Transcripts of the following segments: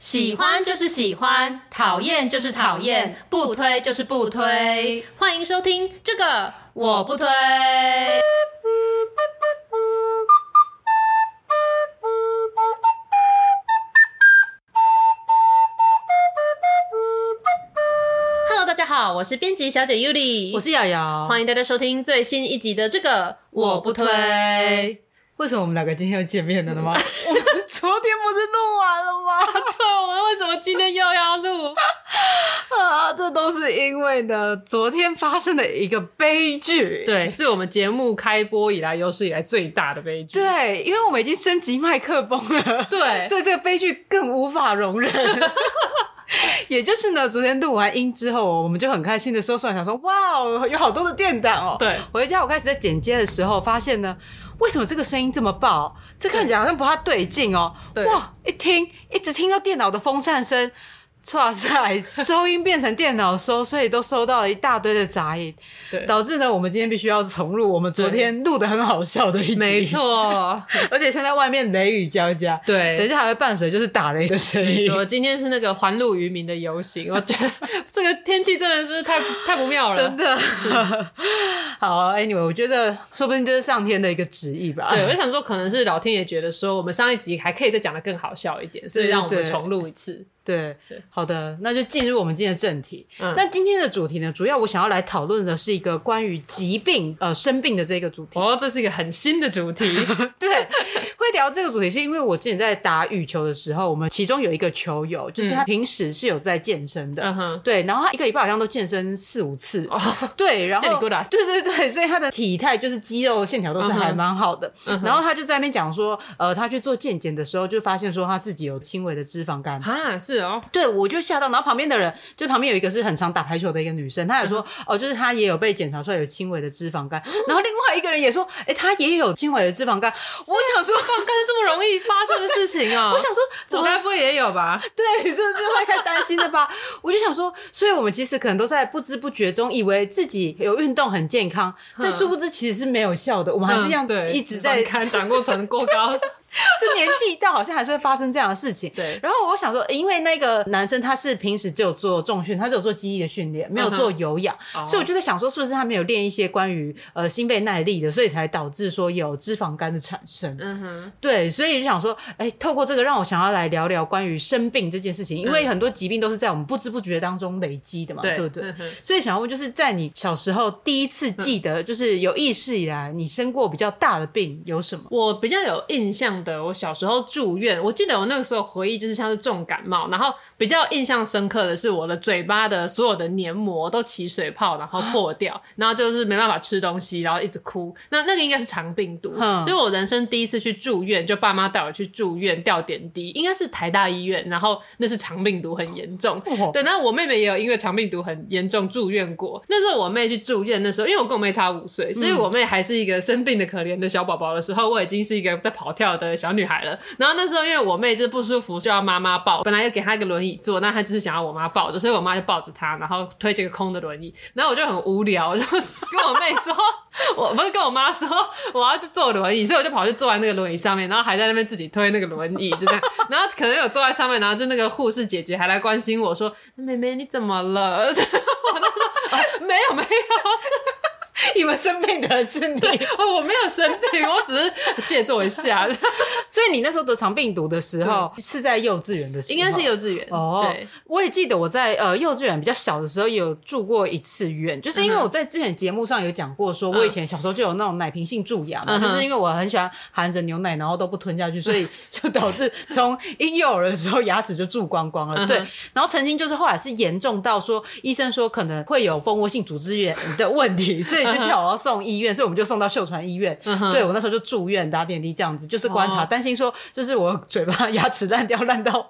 喜歡就是喜歡，討厭就是討厭，不推就是不推。歡迎收聽這個我不推。 Hello，大家好，我是編輯小姐 Yuli，我是姚姚，歡迎大家收聽最新一集的這個我不， 我不推。為什麼我們兩個今天又見面了嗎？ 昨天不是錄完了嗎？對，我為什麼今天又要錄？ 啊，這都是因為呢，昨天發生了一個悲劇。對，是我們節目開播以來有史以來最大的悲劇。對，因為我們已經升級麥克風了。對，所以這個悲劇更無法容忍。 也就是呢，昨天錄完音之後，我們就很開心的說，出來想說，哇，有好多的電檔哦、喔。對，回家我開始在剪接的時候，發現呢。為什麼這個聲音這麼爆？這看起來好像不太對勁哦、喔。對，哇，一聽一直聽到電腦的風扇聲。錯 在收音變成電腦收，所以都收到了一大堆的雜音，對，導致呢，我們今天必須要重錄。我們昨天錄得很好笑的一集，沒錯。 而且現在外面雷雨交加，對，等一下還會伴隨就是打雷的聲音。我今天是那個環路漁民的遊行， 我覺得這個天氣真的是太 太不妙了，真的。 好，Anyway，我覺得說不定這是上天的一個旨意吧。對，我想說可能是老天爺覺得說我們上一集還可以再講得更好笑一點，所以讓我們重錄一次。對，好的，那就進入我們今天的正題。嗯。那今天的主題呢，主要我想要來討論的是一個關於疾病呃生病的這個主題。哦，這是一個很新的主題。 對，會聊這個主題是因為我之前在打羽球的時候，我們其中有一個球友，就是他平時是有在健身的。嗯，對，然後他一個禮拜好像都健身四五次。哦。對，然後。在你打。對，對對對，所以他的體態就是肌肉線條都是還蠻好的。嗯，然後他就在那邊講說，呃，他去做健檢的時候，就發現說他自己有輕微的脂肪肝。哈，啊，是，啊。對，我就嚇到，然後旁邊的人，就旁邊有一個是很常打排球的一個女生，她有說、嗯，哦，就是她也有被檢查出來有輕微的脂肪肝、嗯，然後另外一個人也說，哎、欸，她也有輕微的脂肪肝。我想說，脂肪 肝是這麼容易發生的事情啊？、喔， 我想說，總該不會也有吧？對，你是不是會太擔心的吧？ 我就想說，所以我們其實可能都在不知不覺中，以為自己有運動很健康、嗯，但殊不知其實是沒有效的，我們還是一樣一直在看膽固醇過高。 就年紀到，好像還是會發生這樣的事情。對，然後我想說，因為那個男生他是平時只有做重訓，他只有做肌力的訓練，沒有做有氧、嗯，所以我就在想說，是不是他沒有練一些關於呃心肺耐力的，所以才導致說有脂肪肝的產生。嗯哼，對，所以就想說，哎、欸，透過這個，讓我想要來聊聊關於生病這件事情、嗯，因為很多疾病都是在我們不知不覺當中累積的嘛，對不對？所以想要問，就是在你小時候第一次記得，就是有意識以來，你生過比較大的病有什麼？我比較有印象的。的我小時候住院，我記得我那個時候回憶就是像是重感冒，然後比較印象深刻的是我的嘴巴的所有的黏膜都起水泡，然後破掉，然後就是沒辦法吃東西，然後一直哭。那那個應該是腸病毒，所以我人生第一次去住院，就爸媽帶我去住院，吊點滴，應該是台大醫院。然後那是腸病毒很嚴重。等到我妹妹也有因為腸病毒很嚴重住院過，那時候我妹去住院，那時候因為我跟我妹差五歲，所以我妹還是一個生病的可憐的小寶寶的時候，我已經是一個在跑跳的小女孩了，然後那時候因為我妹就是不舒服，就要媽媽抱。本來要給她一個輪椅坐，那她就是想要我媽抱着，所以我媽就抱着她，然後推這個空的輪椅。然後我就很無聊，我就跟我妹說， 我不是跟我媽說，我要去坐輪椅，所以我就跑去坐在那個輪椅上面，然後還在那邊自己推那個輪椅，就這樣。然後可能有坐在上面，然後就那個護士姐姐還來關心我說：“ 妹妹你怎麼了？” 我都說、啊：“沒有沒有。” 你們生病的是你哦，我沒有生病， 我只是借坐一下。 所以你那時候得腸病毒的時候、嗯、是在幼稚園的時候，應該是幼稚園哦。Oh, 對，我也記得我在呃幼稚園比較小的時候有住過一次院，就是因為我在之前節目上有講過，說我以前小時候就有那種奶瓶性蛀牙嘛、嗯，就是因為我很喜歡含着牛奶，然後都不吞下去，所以就導致從嬰幼兒的時候牙齒就蛀光光了、嗯。對，然後曾經就是後來是嚴重到說醫生說可能會有蜂窩性組織炎的問題，所以。就跳我要送醫院，所以我們就送到秀傳醫院。嗯、對我那時候就住院，打點滴這樣子，就是觀察，擔、哦、心說就是我嘴巴牙齒爛掉爛到。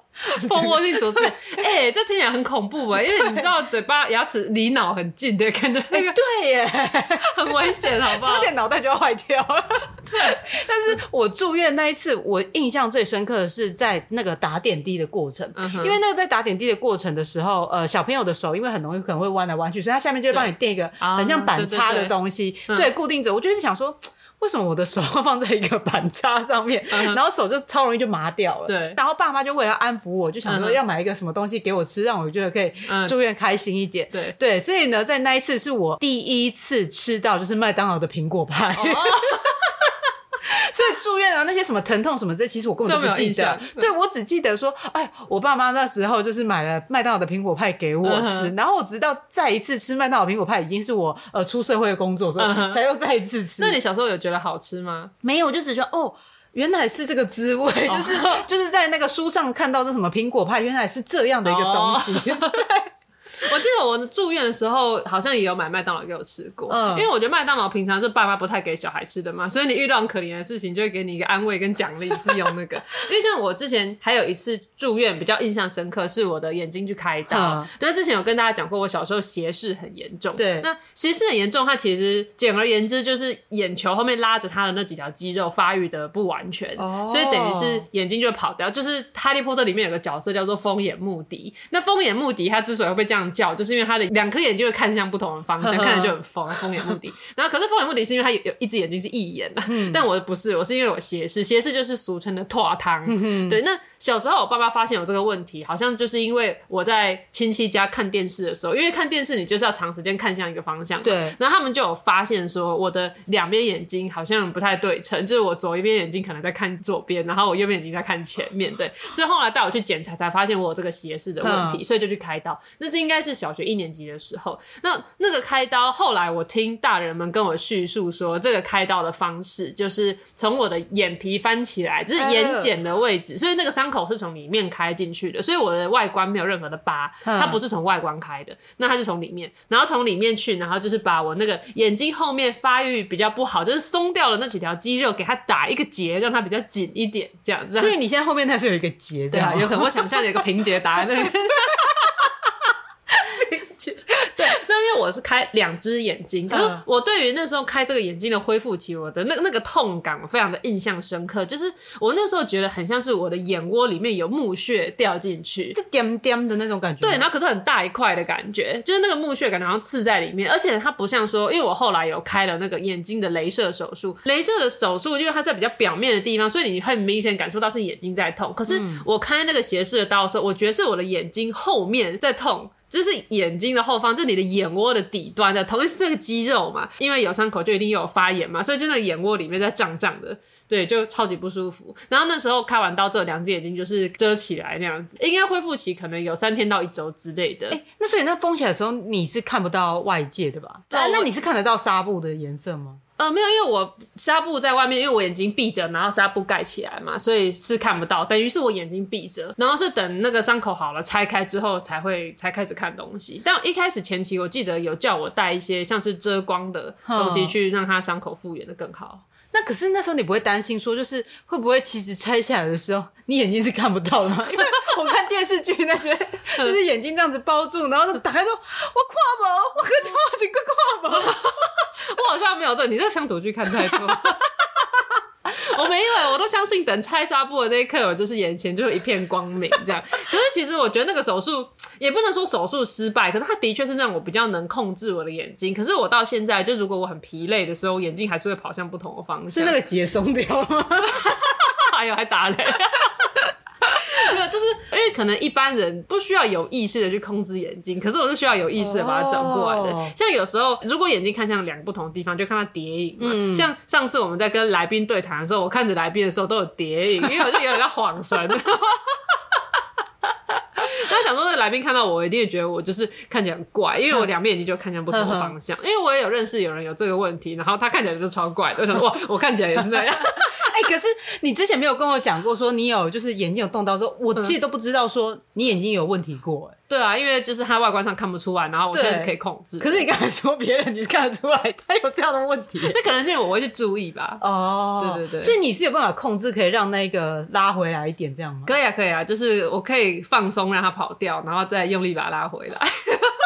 蜂窩性組織，哎、 欸，這聽起來很恐怖吧，欸？因為你知道，嘴巴、牙齒離腦很近的感覺，那個對耶， 很危險，好不好？差點腦袋就要壞掉了。對， 但是我住院那一次，我印象最深刻的是在那個打點滴的過程，嗯，因為那個在打點滴的過程的時候，呃，小朋友的手因為很容易可能會彎來彎去，所以他下面就會幫你墊一個很像板擦的東西，對，對對對，嗯、對固定着。我就是想說。為什麼我的手放在一個板擦上面，uh -huh. 然後手就超容易就麻掉了？對，然後爸媽就為了安撫我，就想說要買一個什麼東西給我吃，uh -huh. 讓我覺得可以住院開心一點。Uh -huh. 對，對，所以呢，在那一次是我第一次吃到就是麥當勞的蘋果派。Oh -oh. 對住院啊，那些什麼疼痛什麼這些，其實我根本都不記得。對，對我只記得說，哎，我爸媽那時候就是買了麥當勞的蘋果派給我吃，嗯、然後我直到再一次吃麥當勞蘋果派，已經是我呃出社會工作的時候、嗯、才又再一次吃。那你小時候有覺得好吃嗎？沒有，我就只覺得哦，原來是這個滋味，哦、就是就是在那個書上看到這什麼蘋果派，原來是這樣的一個東西。哦 對我記得我住院的時候，好像也有買麥當勞給我吃過。嗯、uh,，因為我覺得麥當勞平常是爸媽不太給小孩吃的嘛，所以你遇到很可憐的事情，就會給你一個安慰跟獎勵，是用那個。 因為像我之前還有一次住院比較印象深刻，是我的眼睛去開刀。對、uh,，之前有跟大家講過，我小時候斜視很嚴重。對，那斜視很嚴重，它其實簡而言之就是眼球後面拉着它的那幾條肌肉發育的不完全，oh. 所以等於是眼睛就會跑掉。就是《哈利波特》裡面有個角色叫做瘋眼穆迪，那瘋眼穆迪他之所以會被這樣。叫，就是因為他的兩顆眼睛會看向不同的方向，呵呵，看着就很瘋，瘋眼穆迪。 然後，可是瘋眼穆迪是因為他有有一隻眼睛是義眼的、嗯，但我不是，我是因為我斜視，斜視就是俗稱的脫窗、嗯。對，那小時候我爸爸發現有這個問題，好像就是因為我在親戚家看電視的時候，因為看電視你就是要長時間看向一個方向，對。然後他們就有發現說我的兩邊眼睛好像不太對稱，就是我左一邊眼睛可能在看左邊，然後我右邊眼睛在看前面對，所以後來帶我去檢查，才發現我有這個斜視的問題，所以就去開刀。那是應該。是小學一年級的時候，那那個開刀，後來我聽大人們跟我敘述說，這個開刀的方式就是從我的眼皮翻起來，就是眼瞼的位置，所以那個傷口是從裡面開進去的，所以我的外觀沒有任何的疤，它不是從外觀開的，那它是從裡面，然後從裡面去，然後就是把我那個眼睛後面發育比較不好，就是鬆掉了那幾條肌肉，給它打一個結，讓它比較緊一點，這樣子。所以你現在後面它是有一個結這樣，對啊，有可能我想象有一個平結打在那。 因為我是開兩隻眼睛，可是我對於那時候開這個眼睛的恢復期，我的那個、那個痛感我非常的印象深刻。就是我那時候覺得很像是我的眼窩裡面有木屑掉進去，就點點的那種感覺、啊。對，然後可是很大一塊的感覺，就是那個木屑感然後刺在裡面，而且它不像說，因為我後來有開了那個眼睛的鐳射手術，鐳射的手術因為它是在比較表面的地方，所以你會明顯感受到是眼睛在痛。可是我開那個斜視的刀的時候，我覺得是我的眼睛後面在痛。就是眼睛的後方，就是你的眼窩的底端的，同樣是這個肌肉嘛。因為有傷口，就一定有發炎嘛，所以真的眼窩裡面在脹脹的，對，就超級不舒服。然後那時候開完刀之後，兩隻眼睛就是遮起來那樣子，應該恢復期可能有三天到一周之類的。哎、欸，那所以那封起來的時候，你是看不到外界的吧？對，那你是看得到紗布的顏色嗎？呃，沒有，因為我紗布在外面，因為我眼睛閉着，然後紗布蓋起來嘛，所以是看不到，等於是我眼睛閉着，然後是等那個傷口好了拆開之後才會才開始看東西。但一開始前期，我記得有叫我戴一些像是遮光的東西去，讓它傷口復原的更好。那可是那時候你不會擔心說，就是會不會其實拆下來的時候你眼睛是看不到的嗎？ 因為我看電視劇那些就是眼睛這樣子包住，然後打開說，我跨不我看見我整個跨不我好像沒有對，你在鄉土劇看太多。 我沒有、欸，我都相信等拆紗布的那一刻，我就是眼前就會一片光明這樣。可是其實我覺得那個手術也不能說手術失敗，可是它的確是讓我比較能控制我的眼睛。可是我到現在，就如果我很疲累的時候，眼睛還是會跑向不同的方向。是那個結鬆掉了嗎？還 有、 哎喲、還打雷！ 沒有，就是因為可能一般人不需要有意識的去控制眼睛，可是我是需要有意識的把它轉過來的。Oh. 像有時候如果眼睛看向兩個不同的地方，就看到疊影嘛、嗯。像上次我們在跟來賓對談的時候，我看着來賓的時候都有疊影，因為我就有點在晃神。哈哈哈哈哈！但我想說那個來賓看到我，我一定會覺得我就是看起來很怪，因為我兩邊眼睛就看向不同方向。 因為我也有認識有人有這個問題，然後他看起來就超怪的，我想說，哇，我看起來也是那樣。欸、可是你之前沒有跟我講過，說你有就是眼睛有動到，之後我自己都不知道，說你眼睛有問題過、嗯。對啊，因為就是它外觀上看不出來，然後我現在是可以控制。可是你剛才說別人你是看得出來，他有這樣的問題，那可能是因為我會去注意吧。哦，對對對。所以你是有辦法控制，可以讓那個拉回來一點這樣嗎？可以啊，可以啊，就是我可以放鬆讓它跑掉，然後再用力把它拉回來。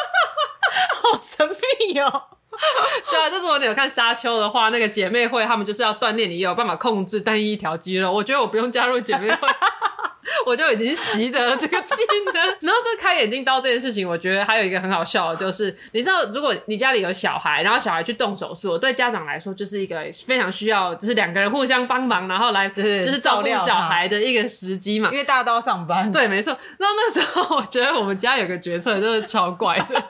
好神祕哦。 對啊，就是我有看沙丘的話，那個姐妹會，他們就是要鍛鍊你，也有辦法控制單一一條肌肉。我覺得我不用加入姐妹會， 我就已經習得了這個技能。 然後這開眼睛刀這件事情，我覺得還有一個很好笑的，就是你知道，如果你家裡有小孩，然後小孩去動手術，對家長來說就是一個非常需要，就是兩個人互相幫忙，然後來就是照顧小孩的一個時機嘛。 因為大家都要上班，對，沒錯。然後那時候我覺得我們家有個決策就是超怪的。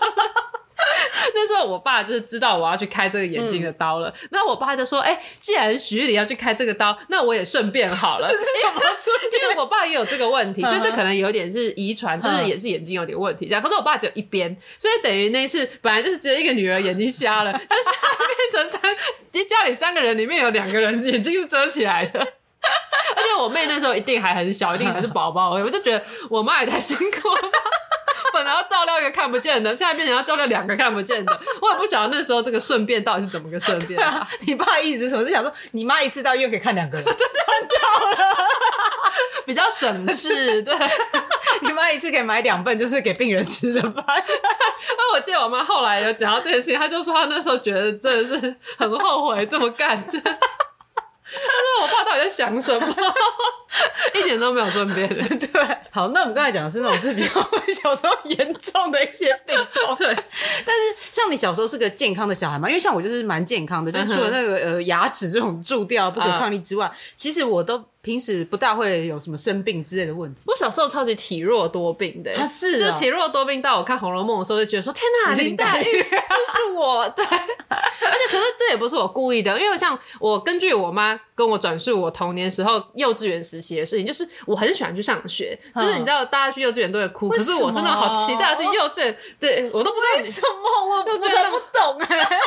那時候我爸就是知道我要去開這個眼睛的刀了，嗯，那我爸就說：“哎、欸，既然 Yuli 要去開這個刀，那我也順便好了。是”是因，因為我爸也有這個問題，嗯、所以這可能有點是遺傳，就是也是眼睛有點問題這樣，嗯。可是我爸只有一邊，所以等於那一次本來就是只有一個女兒眼睛瞎了， 就是變成三，家裡三個人裡面有兩個人眼睛是遮起來的， 而且我妹那時候一定還很小，一定還是寶寶，我就覺得我媽也太辛苦了。 本來要照料一個看不見的，現在變成要照料兩個看不見的，我也不曉得那時候這個順便到底是怎麼個順便、啊 啊、你爸一直我是就想說，你媽一次到醫院可以看兩個人，真賺到了， 比較省事。對， 你媽一次可以買兩份，就是給病人吃的吧？因 我記得我媽後來有講到這件事情，她就說她那時候覺得真的是很後悔這麼幹。 他說：“我爸到底在想什麼？ 一點都沒有順便。 對。好，那我們剛才講的是那種是比較小時候嚴重的一些病痛。 對，但是像你小時候是個健康的小孩嘛，因為像我就是蠻健康的，就是除了那個呃牙齒這種蛀掉不可抗力之外，啊、其實我都。”平時不大會有什麼生病之類的問題。我小時候超級體弱多病的，欸啊，是、哦、就體弱多病到我看《紅樓夢》的時候就覺得說：“天哪，林黛玉就是我。”對。而且，可是這也不是我故意的，因為像我根據我媽跟我轉述我童年時候幼稚園時期的事情，就是我很喜歡去上學，嗯、就是你知道大家去幼稚園都會哭，可是我真的好期待去幼稚園，對我都不太懂，我我我不懂啊、欸。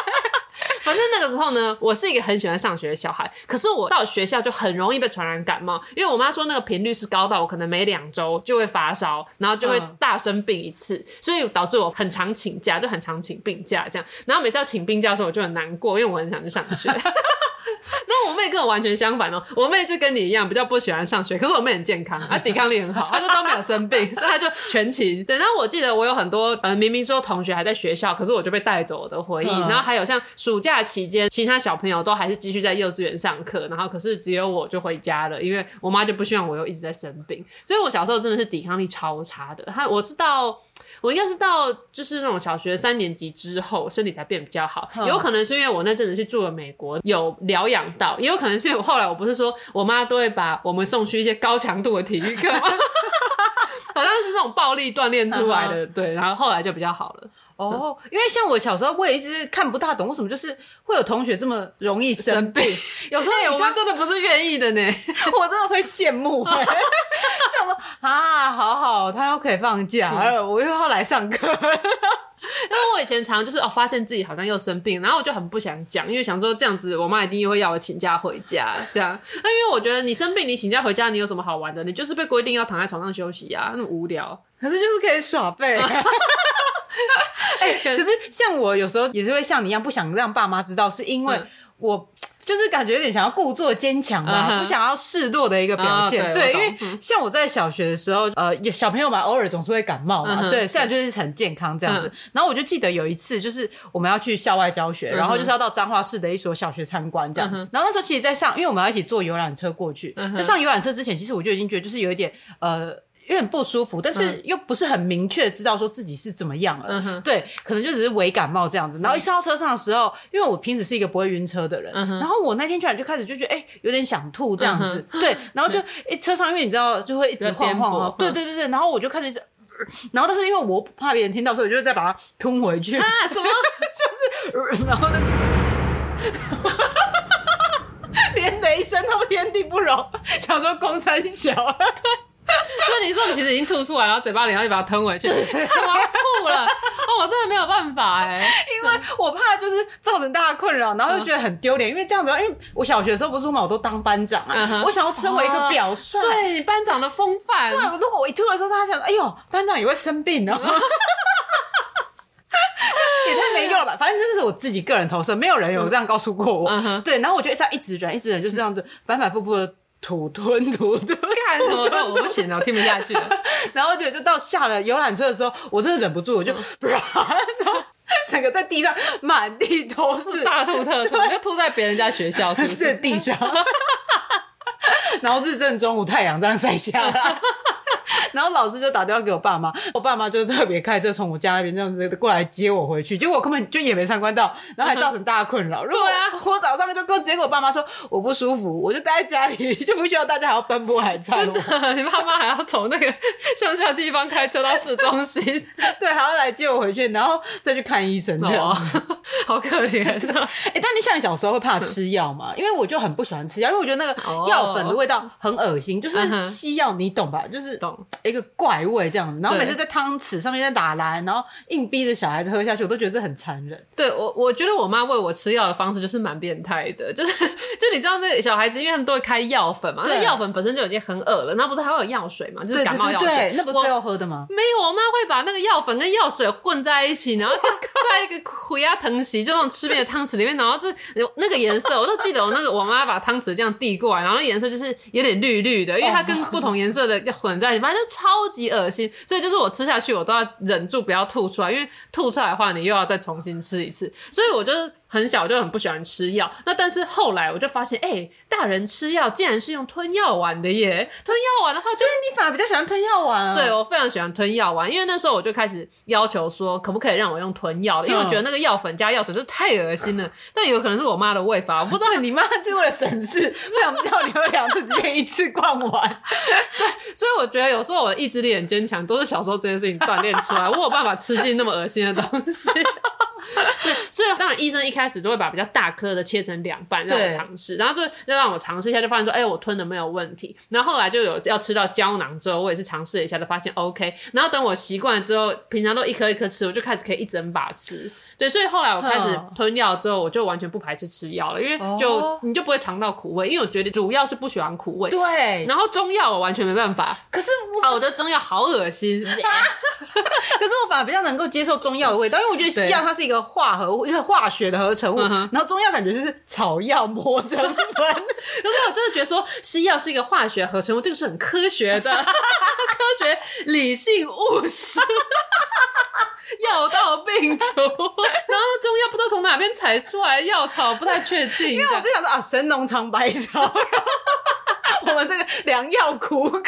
反正那個時候呢，我是一個很喜歡上學的小孩，可是我到學校就很容易被傳染。感冒。因為我媽說那個頻率是高到我可能每兩週就會發燒，然後就會大生病一次。嗯，所以導致我很常請假，就很常請病假這樣。然後每次要請病假的時候，我就很難過，因為我很想去上學。 那我妹跟我完全相反哦，我妹就跟你一樣，比較不喜歡上學。可是我妹很健康，她抵抗力很好，她就都沒有生病， 所以她就全勤。對，那我記得我有很多呃，明明說同學還在學校，可是我就被帶走的回憶。然後還有像暑假期間，其他小朋友都還是繼續在幼稚園上課，然後可是只有我就回家了，因為我媽就不希望我又一直在生病。所以我小時候真的是抵抗力超差的。她我知道。我應該是到就是那種小學三年級之後，身體才變得比較好。有可能是因為我那陣子去住了美國，有療養到；也有可能是因為後來，我不是說我媽都會把我們送去一些高強度的體育課嗎， 好像是那種暴力鍛鍊出來的。Uh -huh. 對，然後後來就比較好了。哦、oh, 嗯，因為像我小時候，我也一直看不大懂為什麼就是會有同學這麼容易生病，有時候人家真的不是願意的呢， 我真的會羨慕、欸。 啊，好好，他要可以放假，嗯、我又要來上課。因 為我以前常常就是哦，發現自己好像又生病，然後我就很不想講，因為想說這樣子，我媽一定又會要我請假回家。這樣，那因為我覺得你生病，你請假回家，你有什麼好玩的？你就是被規定要躺在床上休息啊，那麼無聊。可是就是可以耍廢、 欸。可是像我有時候也是會像你一樣，不想讓爸媽知道，是因為我。就是感覺有點想要故作堅強嘛，uh -huh. 不想要示弱的一個表現。Uh -huh. Oh, okay, 對，因為像我在小學的時候，呃，小朋友嘛，偶爾總是會感冒嘛。Uh -huh. 對，雖然就是很健康這樣子。Uh -huh. 然後我就記得有一次，就是我們要去校外教學，uh -huh. 然後就是要到彰化市的一所小學參觀這樣子。Uh -huh. 然後那時候其實，在上，因為我們要一起坐遊覽車過去，在、uh -huh. 上遊覽車之前，其實我就已經覺得就是有一點呃。有點不舒服，但是又不是很明確知道說自己是怎麼樣了、嗯。對，可能就只是微感冒這樣子。嗯、然後一上到車上的時候，因為我平時是一個不會暈車的人，嗯、然後我那天居然就開始就覺得哎、欸，有點想吐這樣子。嗯、對，然後就一、嗯欸、車上，因為你知道就會一直晃晃。對對對對，然後我就開始、呃，然後但是因為我怕別人聽到，所以我就再把它吞回去。啊什麼？ 就是然後呢？ 連雷聲都天地不容，想說公山小。啊對。 所以你說你其實已經吐出來，然後嘴巴裡然後就把它吞回去，太麻吐了、 哦。我真的沒有辦法哎、欸，因為我怕就是造成大家困擾，然後又覺得很丟臉、嗯。因為這樣子，因為我小學的時候不是說嘛，我都當班長啊，嗯、我想要成為一個表率，哦、對班長的風範。對，如果我一吐的時候，大家想，哎呦，班長也會生病呢、哦，嗯、 也太沒用了吧？反正真的是我自己個人投射，沒有人有這樣告訴過我、嗯嗯。對，然後我就這樣一直忍，一直忍，就是這樣子，嗯、樣反反復復。土吞土吞幹什麼？我不行了，我聽不下去了。 然後就就到下了遊覽車的時候，我真的忍不住，我就， 然後整個在地上滿地都是大吐特吐，就吐在別人家學校是不是地上？ 然後是正中午太陽這樣曬下。 然後老師就打電話給我爸媽，我爸媽就特別開車從我家那邊這樣子過來接我回去，結果我根本就也沒參觀到，然後還造成大家困擾、嗯。對啊，如果我早上就直接跟我爸媽說我不舒服，我就待在家裡，就不需要大家還要奔波來接我。真的，你爸媽還要從那個鄉下的地方開車到市中心， 對，還要來接我回去，然後再去看醫生，這樣子、哦、好可憐。哎、欸，但你像你小時候會怕吃藥嗎、嗯？因為我就很不喜歡吃藥，因為我覺得那個藥粉的味道很噁心、哦，就是西藥，你懂吧？就是懂。一個怪味這樣子，然後每次在湯匙上面在打藍，然後硬逼着小孩子喝下去，我都覺得這很殘忍。對，我我覺得我媽餵我吃藥的方式就是蠻變態的，就是就你知道那個小孩子，因為他們都會開藥粉嘛，那藥粉本身就已經很惡了，然後不是還會有藥水嘛，就是感冒藥水。對對對對，那不是要喝的嗎？沒有，我媽會把那個藥粉跟藥水混在一起，然後就在一個苦瓜湯匙， 就那種吃麵的湯匙裡面，然後就那個顏色，我都記得我那個我媽把湯匙這樣遞過來，然後那顏色就是有點綠綠的，因為它跟不同顏色的混在一起，反正。超級惡心，所以就是我吃下去，我都要忍住不要吐出來，因為吐出來的話，你又要再重新吃一次，所以我就。很小就很不喜歡吃藥，那但是後來我就發現，哎、欸，大人吃藥竟然是用吞藥丸的耶！吞藥丸的話，就是你反而比較喜歡吞藥丸啊？對，我非常喜歡吞藥丸，因為那時候我就開始要求說，可不可以讓我用吞藥。因為我覺得那個藥粉加藥水就太噁心了、嗯。但有可能是我媽的餵法，我不知道。你媽是為了省事，為什麼叫你們兩次直接一次灌完？ 對，所以我覺得有時候我的意志力很堅強，都是小時候這件事情鍛鍊出來，我有辦法吃進那麼噁心的東西。對，所以當然醫生一開始都會把比較大顆的切成兩半，讓我嘗試，然後就就讓我嘗試一下，就發現說，哎，我吞的沒有問題。然後後來就有要吃到膠囊之後，我也是嘗試了一下，就發現 OK。然後等我習慣了之後，平常都一顆一顆吃，我就開始可以一整把吃。對，所以後來我開始吞藥之後，我就完全不排斥吃藥了，因為就、哦、你就不會嘗到苦味，因為我覺得主要是不喜歡苦味。對。然後中藥我完全沒辦法。可是我，啊、我覺得中藥好惡心。 可是我反而比較能夠接受中藥的味道，因為我覺得西藥它是一個化合物，一個化學的合成物，嗯。然後中藥感覺就是草藥磨成粉。 可是我真的覺得說西藥是一個化學合成物，這個是很科學的， 科學理性務實， 藥到病除。 然後中藥不知道從哪邊採出來藥草不太確定， 我就想說 啊，神農嘗百草。 我們這個良藥苦口，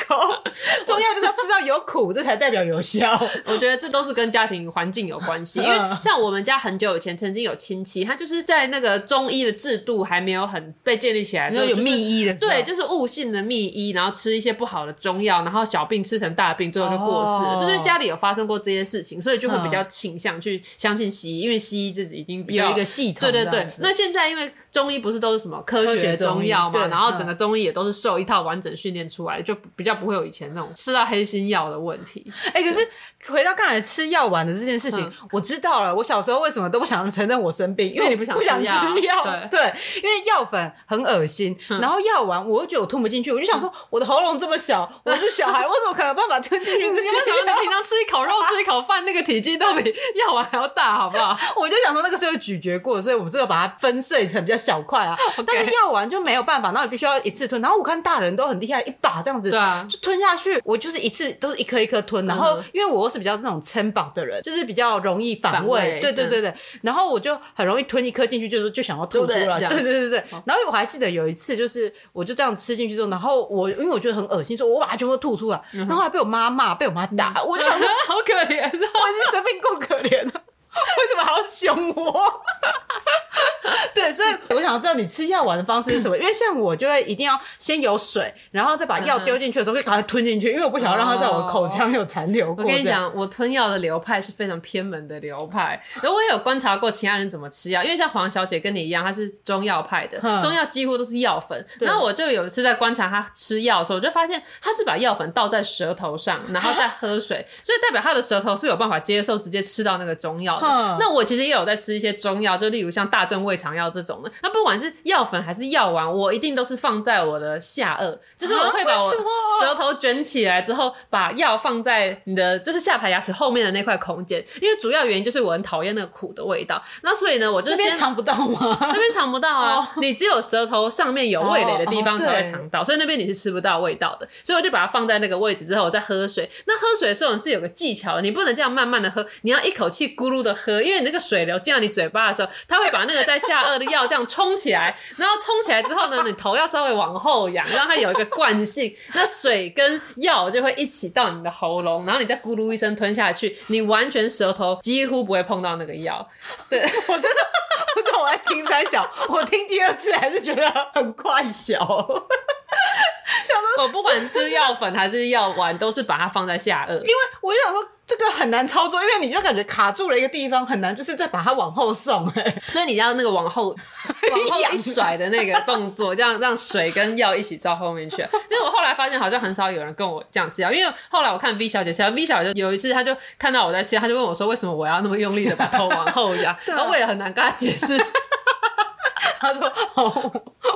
中藥就是要吃到有苦，這才代表有效 。我覺得這都是跟家庭環境有關係，因為像我們家很久以前曾經有親戚，他就是在那個中醫的制度還沒有很被建立起來，然後有密醫的，對，就是誤信的密醫，然後吃一些不好的中藥，然後小病吃成大病，最後就過世了。就是家裡有發生過這些事情，所以就會比較傾向去相信西醫，因為西醫就是已經有一個系統。對對對，對，那現在因為。中醫不是都是什麼科學中藥嗎？對。然後整個中醫也都是受一套完整訓練出來的，嗯，就比較不會有以前那種吃到黑心藥的問題。哎，欸，可是回到剛才吃藥丸的這件事情，嗯，我知道了。我小時候為什麼都不想承認我生病。因為你不想吃藥，對，因為藥粉很噁心，嗯。然後藥丸，我又覺得我吞不進去，我就想說我的喉嚨這麼小， 我是小孩，我怎麼可能有辦法吞進去？你有沒有想過你平常吃一口肉，啊，吃一口飯，那個體積都比藥丸還要大，好不好？我就想說那個時候有咀嚼過，所以我們只有把它粉碎成比較。小塊啊，okay. 但是藥丸就沒有辦法，那你必須要一次吞，然後我看大人都很厲害，一把這樣子，就吞下去。啊，我就是一次都是一顆一顆吞、嗯。然後因為我又是比較那種撐飽的人，就是比較容易反胃。反胃對對對對、嗯。然後我就很容易吞一顆進去，就是就想要吐出來。對對對對。對對對對，然後我還記得有一次，就是我就這樣吃進去之後，然後我因為我覺得很噁心，說我把它全部吐出來、嗯。然後還被我媽罵，被我媽打、嗯。我就想說 好可憐哦。啊，我已經生病夠可憐了，為什麼好凶我？ 對，所以我想知道你吃藥丸的方式是什麼？ 因為像我就會一定要先有水，然後再把藥丟進去的時候，會、嗯、把它吞進去，因為我不想要讓它在我的口腔沒有殘留過、哦。我跟你講，我吞藥的流派是非常偏門的流派。然 後我也有觀察過其他人怎麼吃藥，因為像黃小姐跟你一樣，她是中藥派的，嗯、中藥幾乎都是藥粉。那、嗯、我就有一次在觀察她吃藥的時候，我就發現她是把藥粉倒在舌頭上，然後再喝水，啊、所以代表她的舌頭是有辦法接受直接吃到那個中藥。嗯、那我其實也有在吃一些中藥，就例如像大正胃腸藥這種呢，那不管是藥粉還是藥丸，我一定都是放在我的下顎，就是我會把我舌頭捲起來之後，把藥放在你的就是下排牙齒後面的那塊空間。因為主要原因就是我很討厭那個苦的味道。那所以呢，我就這邊嘗不到嗎？那邊嘗不到啊！Oh, 你只有舌頭上面有味蕾的地方才會嘗到 oh, oh,，所以那邊你是吃不到味道的。所以我就把它放在那個位置之後，我再喝水。那喝水的時候是有個技巧的，你不能這樣慢慢的喝，你要一口氣咕嚕的。喝，因為你那個水流進到你嘴巴的時候，它會把那個在下顎的藥這樣衝起來，然後衝起來之後呢，你頭要稍微往後仰，讓它有一個慣性，那水跟藥就會一起到你的喉嚨，然後你再咕嚕一聲吞下去，你完全舌頭幾乎不會碰到那個藥。對，我真的，我真的我在我聽三小，我聽第二次還是覺得很怪小。我不管吃藥粉還是藥丸，都是把它放在下顎，因為我就想說。就很難操作，因為你就感覺卡住了一個地方，很難，就是在把它往後送、欸。所以你要那個往後往後一甩的那個動作， 這樣讓水跟藥一起照後面去。因 是我後來發現，好像很少有人跟我這樣吃藥，因為後來我看 V 小姐吃，V 小姐有一次她就看到我在吃，她就問我說：“為什麼我要那麼用力的把頭往後壓 ？”然後我也很難跟她解釋。 他說：“哦，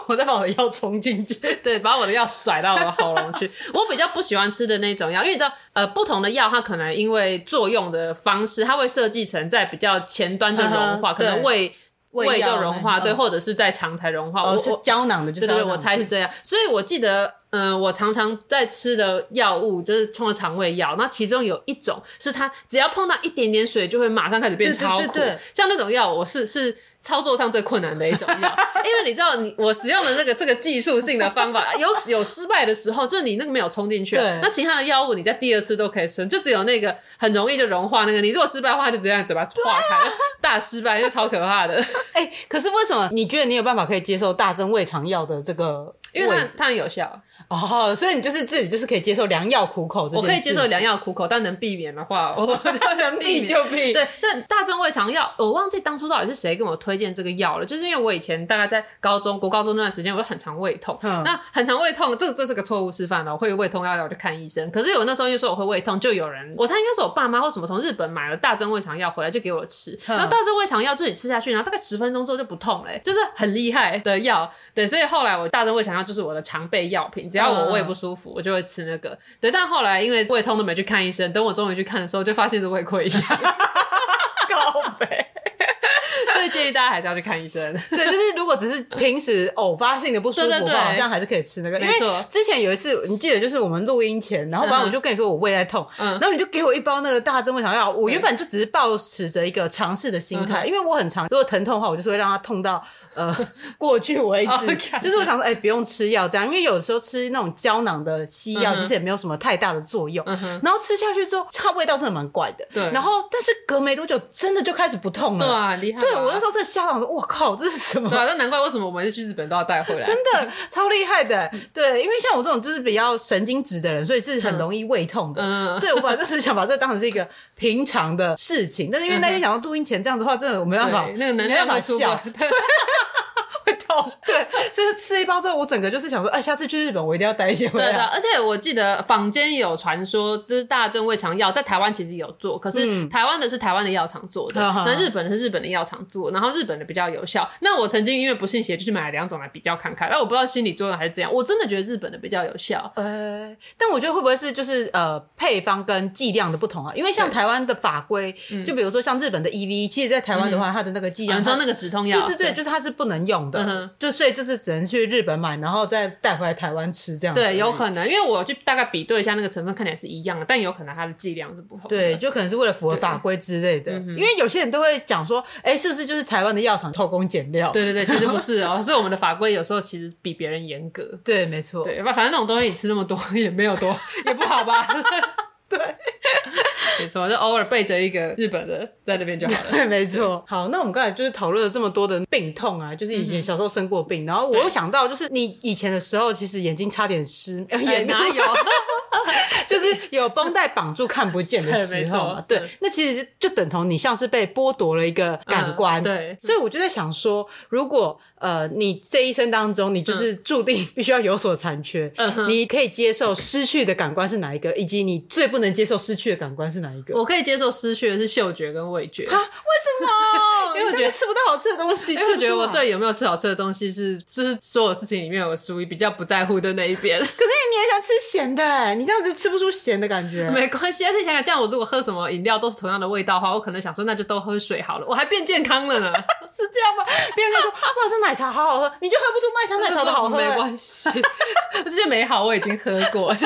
我再把我的藥沖進去， 對，把我的藥甩到我的喉嚨去。 我比較不喜歡吃的那種藥，因為你知道，呃，不同的藥它可能因為作用的方式，它會設計成在比較前端就融化，呵呵可能胃胃，胃就融化，那個，對，或者是在腸才融化。哦、我、哦、是膠囊的就膠囊，就對，對對，我猜是這樣。所以我記得，嗯、呃，我常常在吃的藥物就是沖了腸胃藥，那其中有一種是它只要碰到一點點水就會馬上開始變超苦，對對對對對對像那種藥，我是是。”操作上最困難的一種藥，因為你知道你，你我使用的這、那個這個技術性的方法，有有失敗的時候，就是你那個沒有沖進去。對。那其他的藥物你在第二次都可以吞，就只有那個很容易就融化那個。你如果失敗的話，就直接讓你嘴巴化開、啊、大失敗，就超可怕的。哎、欸，可是為什麼你覺得你有辦法可以接受大正胃腸藥的這個？因為它它很有效。哦、oh，所以你就是自己就是可以接受良藥苦口這件事。我可以接受良藥苦口，但能避免的話，我 能避就避。 對，那大正胃腸藥，我忘記當初到底是誰跟我推薦這個藥了。就是因為我以前大概在高中、國高中那段時間，我就很常胃痛。嗯，那很常胃痛，這這是個錯誤示範了。我會胃痛，要要去看醫生，可是我那時候又說我會胃痛，就有人，我猜應該是我爸媽或什麼，從日本買了大正胃腸藥回來就給我吃。嗯、然後大正胃腸藥自己吃下去，然後大概十分鐘之後就不痛了。就是很厲害的藥。對，所以後來我大正胃腸藥就是我的常備藥品。只要我胃不舒服，嗯，我就會吃那個。對，但後來因為胃痛都沒去看醫生，等我終於去看的時候，就發現是胃潰瘍，高危。所以建議大家還是要去看醫生。 對，就是如果只是平時偶、嗯哦、發性的不舒服，嗯，的話好像還是可以吃那個對對對。因為之前有一次，你記得就是我們錄音前，然後本來我就跟你說我胃在痛，嗯，然後你就給我一包那個大正胃腸藥。我原本就只是抱持着一個嘗試的心態，因為我很常如果疼痛的話，我就是會讓它痛到。呃，過去為止，oh, 就是我想說，哎、欸，不用吃藥這樣，因為有時候吃那種膠囊的西藥，其實也沒有什麼太大的作用。Uh -huh. 然後吃下去之後，它味道真的蠻怪的。對、uh -huh.。然後，但是隔沒多久，真的就開始不痛了。對啊，厲害、啊。對我那時候真的嚇到，我靠，這是什麼？對那、啊、難怪為什麼我們一直去日本都要帶回來。 真的超厲害的，對，因為像我這種就是比較神經質的人，所以是很容易胃痛的。Uh -huh. 對我本來就是想把這當成是一個平常的事情，但是因為那天想要錄音前這樣子的話，真的我沒有辦法，那個沒辦法笑。 對，就是吃一包之後，我整個就是想說，哎、欸，下次去日本我一定要帶一些回來。對的，而且我記得坊間有傳說，就是大正胃腸藥在台灣其實有做，可是台灣的是台灣的藥廠做的，那、嗯、日本的是日本的藥廠做，然後日本的比較有效。那我曾經因為不信邪，就去買了兩種來比較看看，那我不知道心理作用還是怎樣，我真的覺得日本的比較有效。呃，但我覺得會不會是就是呃配方跟劑量的不同啊？因為像台灣的法規，就比如說像日本的 E V，、嗯、其實，在台灣的話，它的那個劑量、嗯啊，你說那個止痛藥，對對對，對，就是它是不能用的。嗯就所以就是只能去日本買，然後再帶回來台灣吃這樣。對，有可能，因為我去大概比對一下那個成分，看起來是一樣的，但有可能它的劑量是不同的。對，就可能是為了符合法規之類的。因為有些人都會講說，哎、欸，是不是就是台灣的藥廠偷工減料？對對對，其實不是哦、喔， 是我們的法規有時候其實比別人嚴格。對，沒錯。對，反正那種東西你吃那麼多也沒有多， 也不好吧？ 對。沒錯，就偶爾背着一個日本的在那邊就好了。 沒錯，好，那我們剛才就是討論了這麼多的病痛啊，就是以前小時候生過病，嗯、然後我又想到，就是你以前的時候，其實眼睛差點失，欸、也哪有？ 就是有繃帶綁住看不見的時候嘛對，沒錯，對，那其實就等同你像是被剝奪了一個感官、嗯，對，所以我就在想說，如果呃你這一生當中，你就是注定必須要有所殘缺、嗯哼，你可以接受失去的感官是哪一個，以及你最不能接受失去的感官是哪一個。我可以接受失去的是嗅覺跟味覺。為什麼？因為我覺得吃不到好吃的東西，嗅 我覺得我對有沒有吃好吃的東西是，就是所有事情裡面我屬於比較不在乎的那一邊。可是你你也想吃鹹的，你這樣子吃不出鹹的感覺。沒關係，而且想想這樣，我如果喝什麼飲料都是同樣的味道的話，我可能想說那就都喝水好了，我還變健康了呢。 是這樣嗎？別人在說哇這、 啊、奶茶好好喝，你就喝不出麥香奶茶的好喝。 沒關係，這些美好我已經喝過。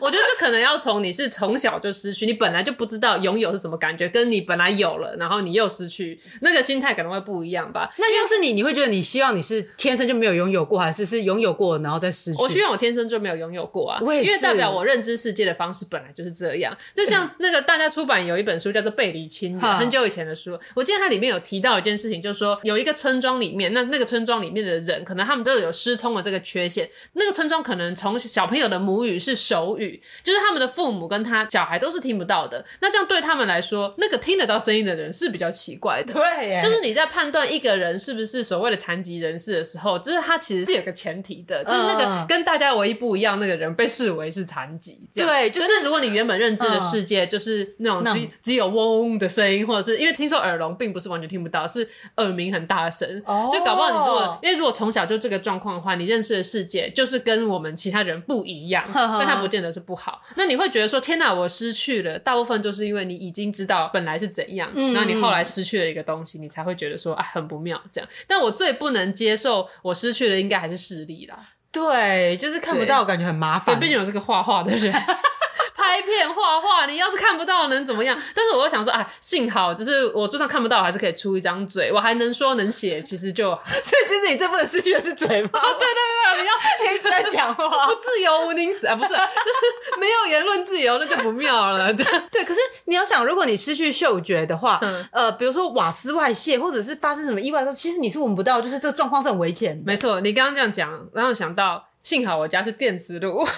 我覺得這可能要從你是從小就失去，你本來就不知道擁有是什麼感覺，跟你本來有了，然後你又失去，那個心態可能會不一樣吧。那要是你，你會覺得你希望你是天生就沒有擁有過，還是是擁有過然後再失去？我希望我天生就沒有擁有過啊，因為代表我認知世界的方式本來就是這樣。就像那個大家出版有一本書叫做《背離親緣》 很久以前的書，我記得它裡面有提到一件事情，就是說有一個村莊裡面，那那個村莊裡面的人，可能他們都有失聰的這個缺陷，那個村莊可能從小朋友的母語是手語。就是他們的父母跟他小孩都是聽不到的，那這樣對他們來說，那個聽得到聲音的人是比較奇怪的。對，就是你在判斷一個人是不是所謂的殘疾人士的時候，就是他其實是有個前提的，就是那個跟大家唯一不一樣那個人被視為是殘疾、嗯這樣。對，就是、是如果你原本認知的世界就是那種只、嗯、只有嗡嗡的聲音，或者是因為聽說耳聾並不是完全聽不到，是耳鳴很大聲、哦，就搞不好你如果因為如果從小就這個狀況的話，你認識的世界就是跟我們其他人不一樣，呵呵但他不見得。是不好，那你會覺得說天哪，我失去了。大部分就是因為你已經知道本來是怎樣，那、嗯、然後你後來失去了一個東西，你才會覺得說啊，很不妙這樣。但我最不能接受我失去的應該還是視力啦。對，就是看不到，我感覺很麻煩。畢竟我是個畫畫的人。對不對？ 拍片、畫畫，你要是看不到能怎麼樣？但是我又想說，哎、啊，幸好就是我就算看不到，我還是可以出一張嘴，我還能說能寫。其實就所以， 其實你最不能失去的是嘴巴、啊？對對對，你要 你一直在講話， 不自由毋寧死啊！不是，就是沒有言論自由，那就不妙了。對， 對，可是你要想，如果你失去嗅覺的話、嗯，呃，比如說瓦斯外泄，或者是發生什麼意外的時候，其實你是聞不到，就是這個狀況是很危險。沒錯，你剛剛這樣講，然後想到，幸好我家是電磁爐。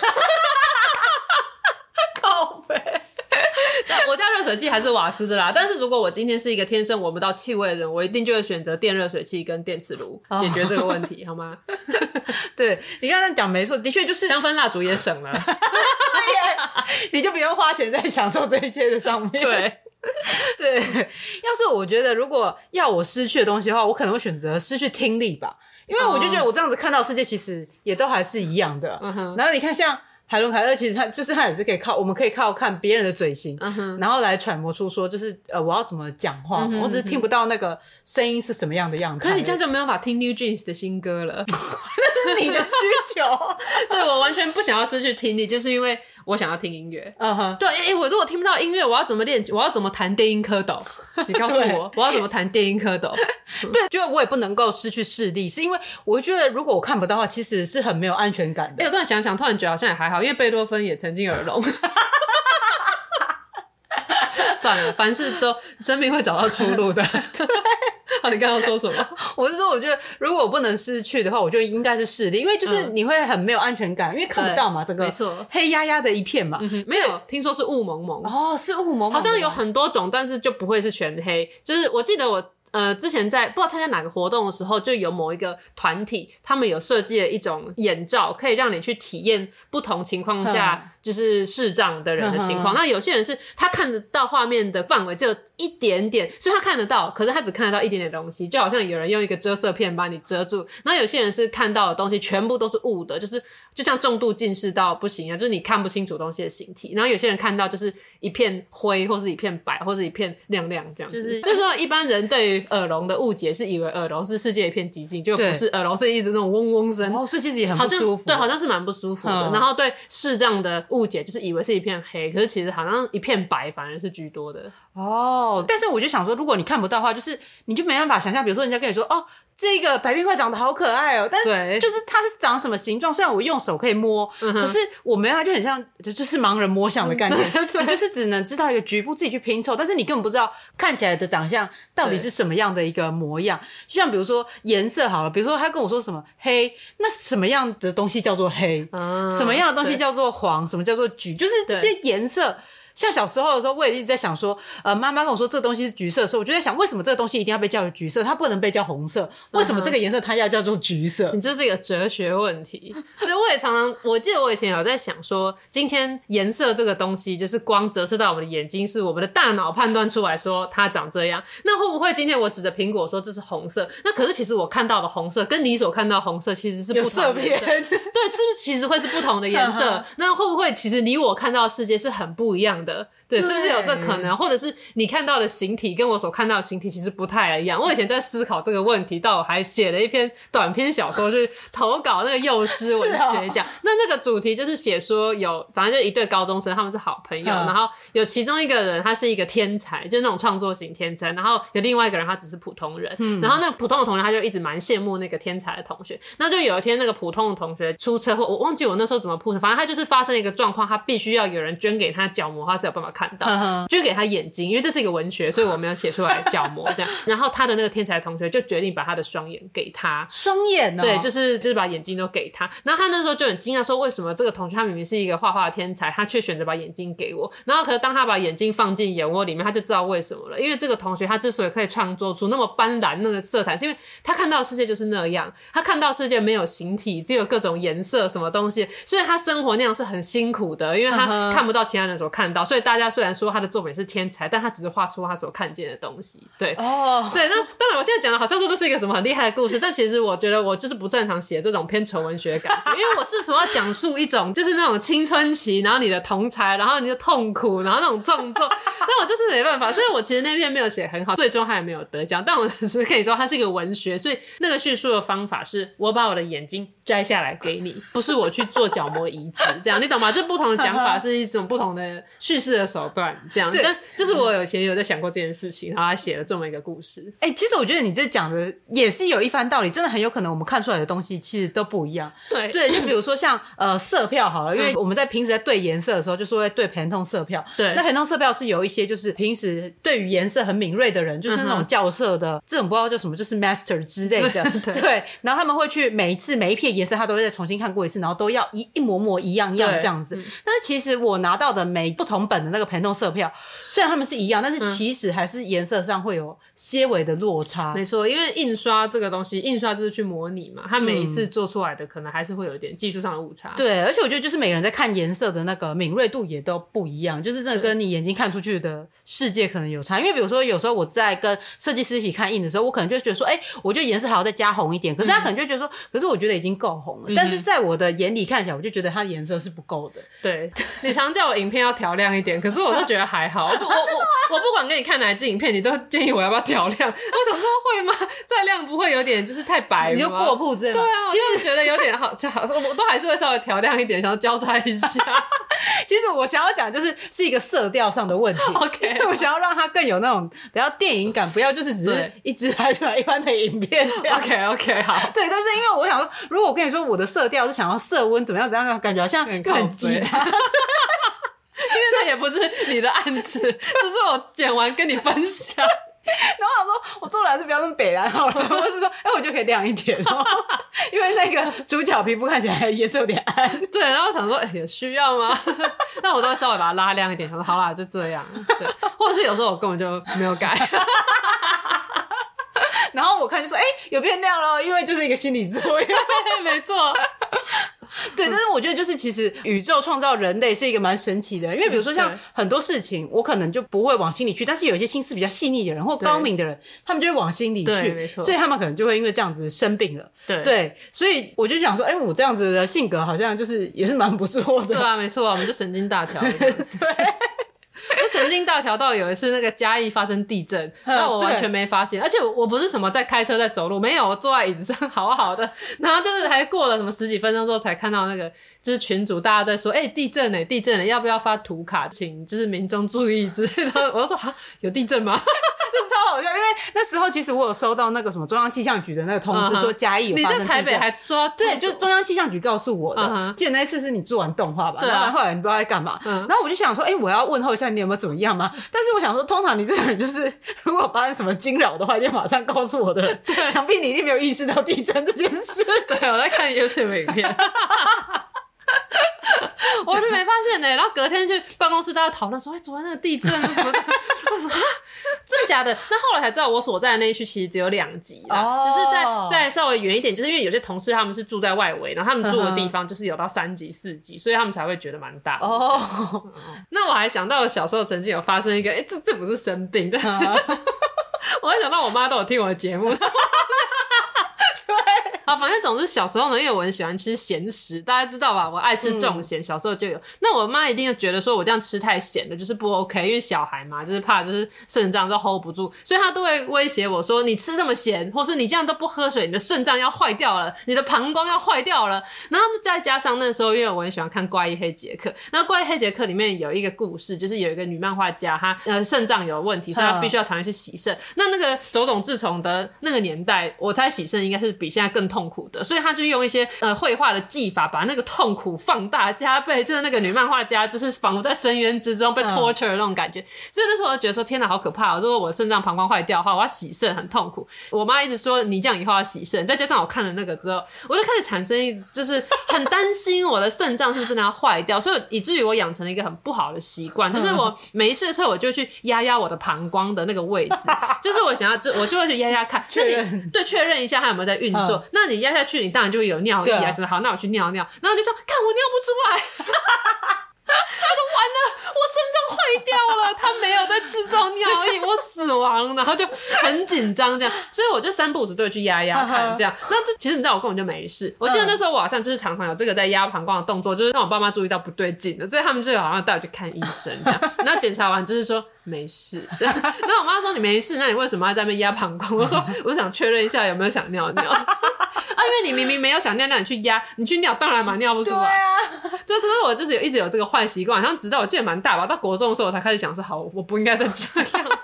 可惜還是瓦斯的啦，但是如果我今天是一個天生聞不到氣味的人，我一定就會選擇電熱水器跟電磁爐，oh. 解決這個問題，好嗎？ 對，你剛剛講沒錯，的確就是香氛蠟燭也省了， 你就不用花錢在享受這些的上面。對。對，要是我覺得如果要我失去的東西的話，我可能會選擇失去聽力吧，因為我就覺得我這樣子看到世界其實也都還是一樣的。Uh -huh. 然後你看像。海倫凱勒其實他就是他也是可以靠，我們可以靠看別人的嘴型，uh -huh. 然後來揣摩出說，就是呃我要怎麼講話，uh -huh. 我只是聽不到那個聲音是什麼樣的樣子。可是、uh-huh. 你這樣就沒有法聽 New Jeans 的新歌了，那 是你的需求。 對，我完全不想要失去聽力，就是因為。我想要聽音樂，uh -huh. 對，因為、欸、對，我如果聽不到音樂，我要怎麼練？我要怎麼彈電音蝌蚪？ 你告訴訴我， 我要怎麼彈電音蝌蚪？ 對，就我也不能夠失去視力，是因為我覺得如果我看不到的話，其實是很沒有安全感的。哎、欸，我突然想想，突然覺得好像也還好，因為貝多芬也曾經耳聾。 算了，凡事都生命會找到出路的。 對。好，你剛剛說什麼？ 我是說，我覺得如果我不能失去的話，我就應該是視力，因為就是你會很沒有安全感，嗯、因為看不到嘛，整個黑壓壓的一片嘛，嗯、沒有聽說是霧濛濛。哦，是霧濛濛，好像有很多種，但是就不會是全黑。就是我記得我。呃，之前在不知道參加哪個活動的時候，就有某一個團體，他們有設計了一種眼罩，可以讓你去體驗不同情況下呵呵就是視障的人的情況。那有些人是他看得到畫面的範圍只有一點點，所以他看得到，可是他只看得到一點點東西，就好像有人用一個遮色片把你遮住。然後有些人是看到的東西全部都是霧的，就是就像重度近視到不行啊，就是你看不清楚東西的形體。然後有些人看到就是一片灰，或是一片白，或是一片亮亮這樣子。就是就說一般人對於耳聾的誤解是以為耳聾是世界一片寂靜，就不是耳聾是一直那種嗡嗡聲，所以其實也很不舒服。好像對，好像是蠻不舒服的。嗯，然後對視障的誤解就是以為是一片黑，可是其實好像一片白反而是居多的。哦、oh，但是我就想說，如果你看不到的話，就是你就沒辦法想象比如說，人家跟你說，哦，這個白冰塊長得好可愛哦，但是就是它是長什麼形狀？雖然我用手可以摸，可是我沒辦法，就很像，就是盲人摸象的感覺，嗯、對對，你就是只能知道一個局部自己去拼湊，但是你根本不知道看起來的長相到底是什麼樣的一個模樣。就像比如說顏色好了，比如說他跟我說什麼黑，那什麼樣的東西叫做黑？嗯、什麼樣的東西叫做黃？什麼叫做橘？就是這些顏色。像小時候的時候，我也一直在想說，呃，媽媽跟我說這個東西是橘色的時候，我就在想，為什麼這個東西一定要被叫做橘色，它不能被叫紅色？為什麼這個顏色它要叫做橘色？Uh -huh, 你這是一個哲學問題。所以我也常常，我記得我以前有在想說， 今天顏色這個東西，就是光折射到我們的眼睛，是我們的大腦判斷出來說它長這樣。那會不會今天我指着蘋果說這是紅色？那可是其實我看到的紅色跟你所看到紅色其實是不同顏色。色片 對，是不是其實會是不同的顏色？Uh -huh. 那會不會其實你我看到的世界是很不一樣的？的對，對，是不是有這可能？或者是你看到的形體跟我所看到的形體其實不太一樣？我以前在思考這個問題，到我還寫了一篇短篇小說，就是投稿那個幼獅文學獎。哦。那那個主題就是寫說有，反正就一對高中生，他們是好朋友。嗯。然後有其中一個人他是一個天才，就是那種創作型天才。然後有另外一個人他只是普通人。嗯、然後那個普通的同學他就一直蠻羨慕那個天才的同學。那就有一天那個普通的同學出車禍，我忘記我那時候怎麼破，反正他就是發生一個狀況，他必須要有人捐給他角膜。他 只有辦法看到，就給他眼睛，因為這是一個文學，所以我沒有寫出來角膜這樣。然後他的那個天才同學就決定把他的雙眼給他雙眼呢、哦？對，就是就是把眼睛都給他。然後他那時候就很驚訝，說，為什麼這個同學他明明是一個畫畫的天才，他卻選擇把眼睛給我？然後可是當他把眼睛放進眼窩裡面，他就知道為什麼了，因為這個同學他之所以可以創作出那麼斑斕那個色彩，是因為他看到世界就是那樣，他看到世界沒有形體，只有各種顏色什麼東西。所以他生活那樣是很辛苦的，因為他看不到其他人所看到。 所以大家雖然說他的作品是天才，但他只是畫出他所看見的東西。對，哦、oh.，對，那當然，我現在講的好像說這是一個什麼很厲害的故事， 但其實我覺得我就是不擅長寫這種偏純文學的感，因為我是說要講述一種就是那種青春期，然後你的同才，然後你的痛苦，然後那種種種。 但我就是沒辦法，所以我其實那篇沒有寫很好，最終他也沒有得獎。但我只是可以說，他是一個文學，所以那個敘述的方法是我把我的眼睛。摘下來給你， 不是我去做角膜移植，這樣你懂嗎？這不同的講法是一種不同的敘事的手段，這樣。 對。但就是我以前有在想過這件事情，然後還寫了這麼一個故事。哎、欸，其實我覺得你這講的也是有一番道理，真的很有可能我們看出來的東西其實都不一樣。對對，就比如說像呃色票好了，因為我們在平時在對顏色的時候，就是會對 Pantone 色票。對。那 Pantone 色票是有一些就是平時對於顏色很敏銳的人，就是那種校色的、嗯、這種不知道叫什麼，就是 master 之類的。對。對對，然後他們會去每一次每一片。顏色他都會再重新看過一次，然後都要一一模模一樣樣這樣子，嗯。但是其實我拿到的每不同本的那個 Pantone 色票，雖然他們是一樣，但是其實還是顏色上會有些微的落差。嗯、沒錯，因為印刷這個東西，印刷就是去模擬嘛，他每一次做出來的可能還是會有一點技術上的誤差，嗯。對，而且我覺得就是每個人在看顏色的那個敏銳度也都不一樣，嗯，就是這個跟你眼睛看出去的世界可能有差。因為比如說有時候我在跟設計師一起看印的時候，我可能就覺得說，哎、欸，我覺得顏色還要再加紅一點。可是他可能就覺得說，嗯，可是我覺得已經。夠紅了，但是在我的眼裡看起來，我就覺得它的顏色是不夠的。嗯，對，你常叫我影片要調亮一點， 可是我就覺得還好。我我我不管給你看哪一支影片，你都建議我要不要調亮。我想說會嗎？再亮不會有點就是太白嗎？你就過曝之類的。對啊，其實覺得有點好，我我都還是會稍微調亮一點，想要交叉一下。 其實我想要講就是是一個色調上的問題。Oh, OK，我想要讓它更有那種比較電影感，不要就是只是一直拍出來一般的影片這樣。OK OK 好。對，但是因為我想說如果我跟你說，我的色調是想要色溫怎麼樣怎樣，感覺好像很高級、啊。 因為這也不是你的案子， 只是我剪完跟你分享。 然後我想說，我做還是不要那麼北然好了， 我是說，哎、欸，我就可以亮一點。因為那個主角皮膚看起來顏色有點暗。 對，然後我想說，哎、欸，有需要嗎？ 那我都會稍微把它拉亮一點。想說，好啦，就這樣。對，或者是有時候我根本就沒有改。 然後我看就說，哎、欸，有變亮了，因為就是一個心理作用，沒錯。對，但是我覺得就是其實宇宙創造人類是一個蠻神奇的，因為比如說像很多事情，我可能就不會往心裡去，但是有一些心思比較細膩的人或高明的人，他們就會往心裡去，對沒錯。所以他們可能就會因為這樣子生病了，對對。所以我就想說，哎、欸，我這樣子的性格好像就是也是蠻不錯的，對啊，沒錯，我們就神經大條一點。 對我 神經大條到有一次，那個嘉義發生地震，但我完全沒發現，而且我不是什麼在開車在走路，沒有，我坐在椅子上 好好的，然後就是才過了什麼十幾分鐘之後，才看到那個就是群組大家在說，哎、欸，地震哎、欸，地震了、欸，要不要發圖卡請就是民眾注意之類的，我就說哈，有地震嗎？哈哈，超好笑，因為那時候其實我有收到那個什麼中央氣象局的那個通知，說嘉義有發生地震，uh -huh, 你在台北還說對，就是、中央氣象局告訴我的，uh -huh, 記得那一次是你做完動畫吧，uh -huh, 然後然後來你不知道在幹嘛，uh -huh, 然後我就想說，哎、欸，我要問候一下。你有沒有怎麼樣嗎？但是我想說，通常你這種人就是，如果發生什麼驚擾的話，一定馬上告訴我的人。想必你一定沒有意識到地震這件事。 對，我在看 YouTube 影片。 我就沒發現呢、欸，然後隔天去辦公室，大家討論說：“哎、欸，昨天那個地震什麼的。 ”我說：“啊、真的假的？”那後來才知道，我所在的那一區其實只有兩級啦，oh. 只是在在稍微遠一點，就是因為有些同事他們是住在外圍，然後他們住的地方就是有到三級、四級，所以他們才會覺得蠻大。哦、oh. 那我還想到我小時候曾經有發生一個，哎、欸，這這不是生病？Oh. 我還想到我媽都有聽我的節目。 對 啊，反正總之小時候呢，因為我很喜歡吃鹹食，大家知道吧？我愛吃重鹹、嗯，小時候就有。那我媽一定覺得說我這樣吃太鹹了，就是不 OK，因為小孩嘛，就是怕就是腎臟都 hold 不住，所以她都會威脅我說：“你吃這麼鹹，或是你這樣都不喝水，你的腎臟要壞掉了，你的膀胱要壞掉了。”然後再加上那時候，因為我很喜歡看《怪醫黑傑克》，那《怪醫黑傑克》裡面有一個故事，就是有一個女漫畫家，她呃，腎臟有問題，所以她必須要常常去洗腎。 那那個手塚治蟲的那個年代，我猜洗腎應該是。比現在更痛苦的，所以他就用一些呃繪畫的技法把那個痛苦放大加倍，就是那個女漫畫家，就是仿佛在深淵之中被 torture 的那種感覺、嗯。所以那時候我就覺得說，天哪，好可怕啊、喔！如果我的腎臟膀胱壞掉的話，我要洗腎，很痛苦。我媽一直說，你這樣以後要洗腎。再加上我看了那個之後，我就開始產生一就是很擔心我的腎臟是不是真的要壞掉， 所以以至於我養成了一個很不好的習慣、嗯，就是我沒事的時候我就去壓壓我的膀胱的那個位置， 就是我想要，就我就會去壓壓看，確認那你對，確認一下他有沒有在孕。你說，那你壓下去，你當然就會有尿意啊！真、嗯、的，好，那我去尿尿，然後就說，看我尿不出來，他 說 完了，我腎臟壞掉了，他沒有在制造尿液。我死亡，然後就很緊張這樣。所以我就三步之對去壓壓看，這樣。 那這其實你知道，我根本就沒事。我記得那時候我好像就是常常有這個在壓膀胱的動作，就是讓我爸媽注意到不對勁的，所以他們就好像帶我去看醫生這樣。然後檢查完就是說。沒事，然後我媽說你沒事，那你為什麼要在那邊壓膀胱？我說我想確認一下有沒有想尿尿 啊，因為你明明沒有想尿尿，那你去壓，你去尿，當然嘛尿不出來、啊。對啊，就是我就是一直有這個壞習慣，然後直到我見蠻大吧，到國中的時候我才開始想說好，我不應該再這樣。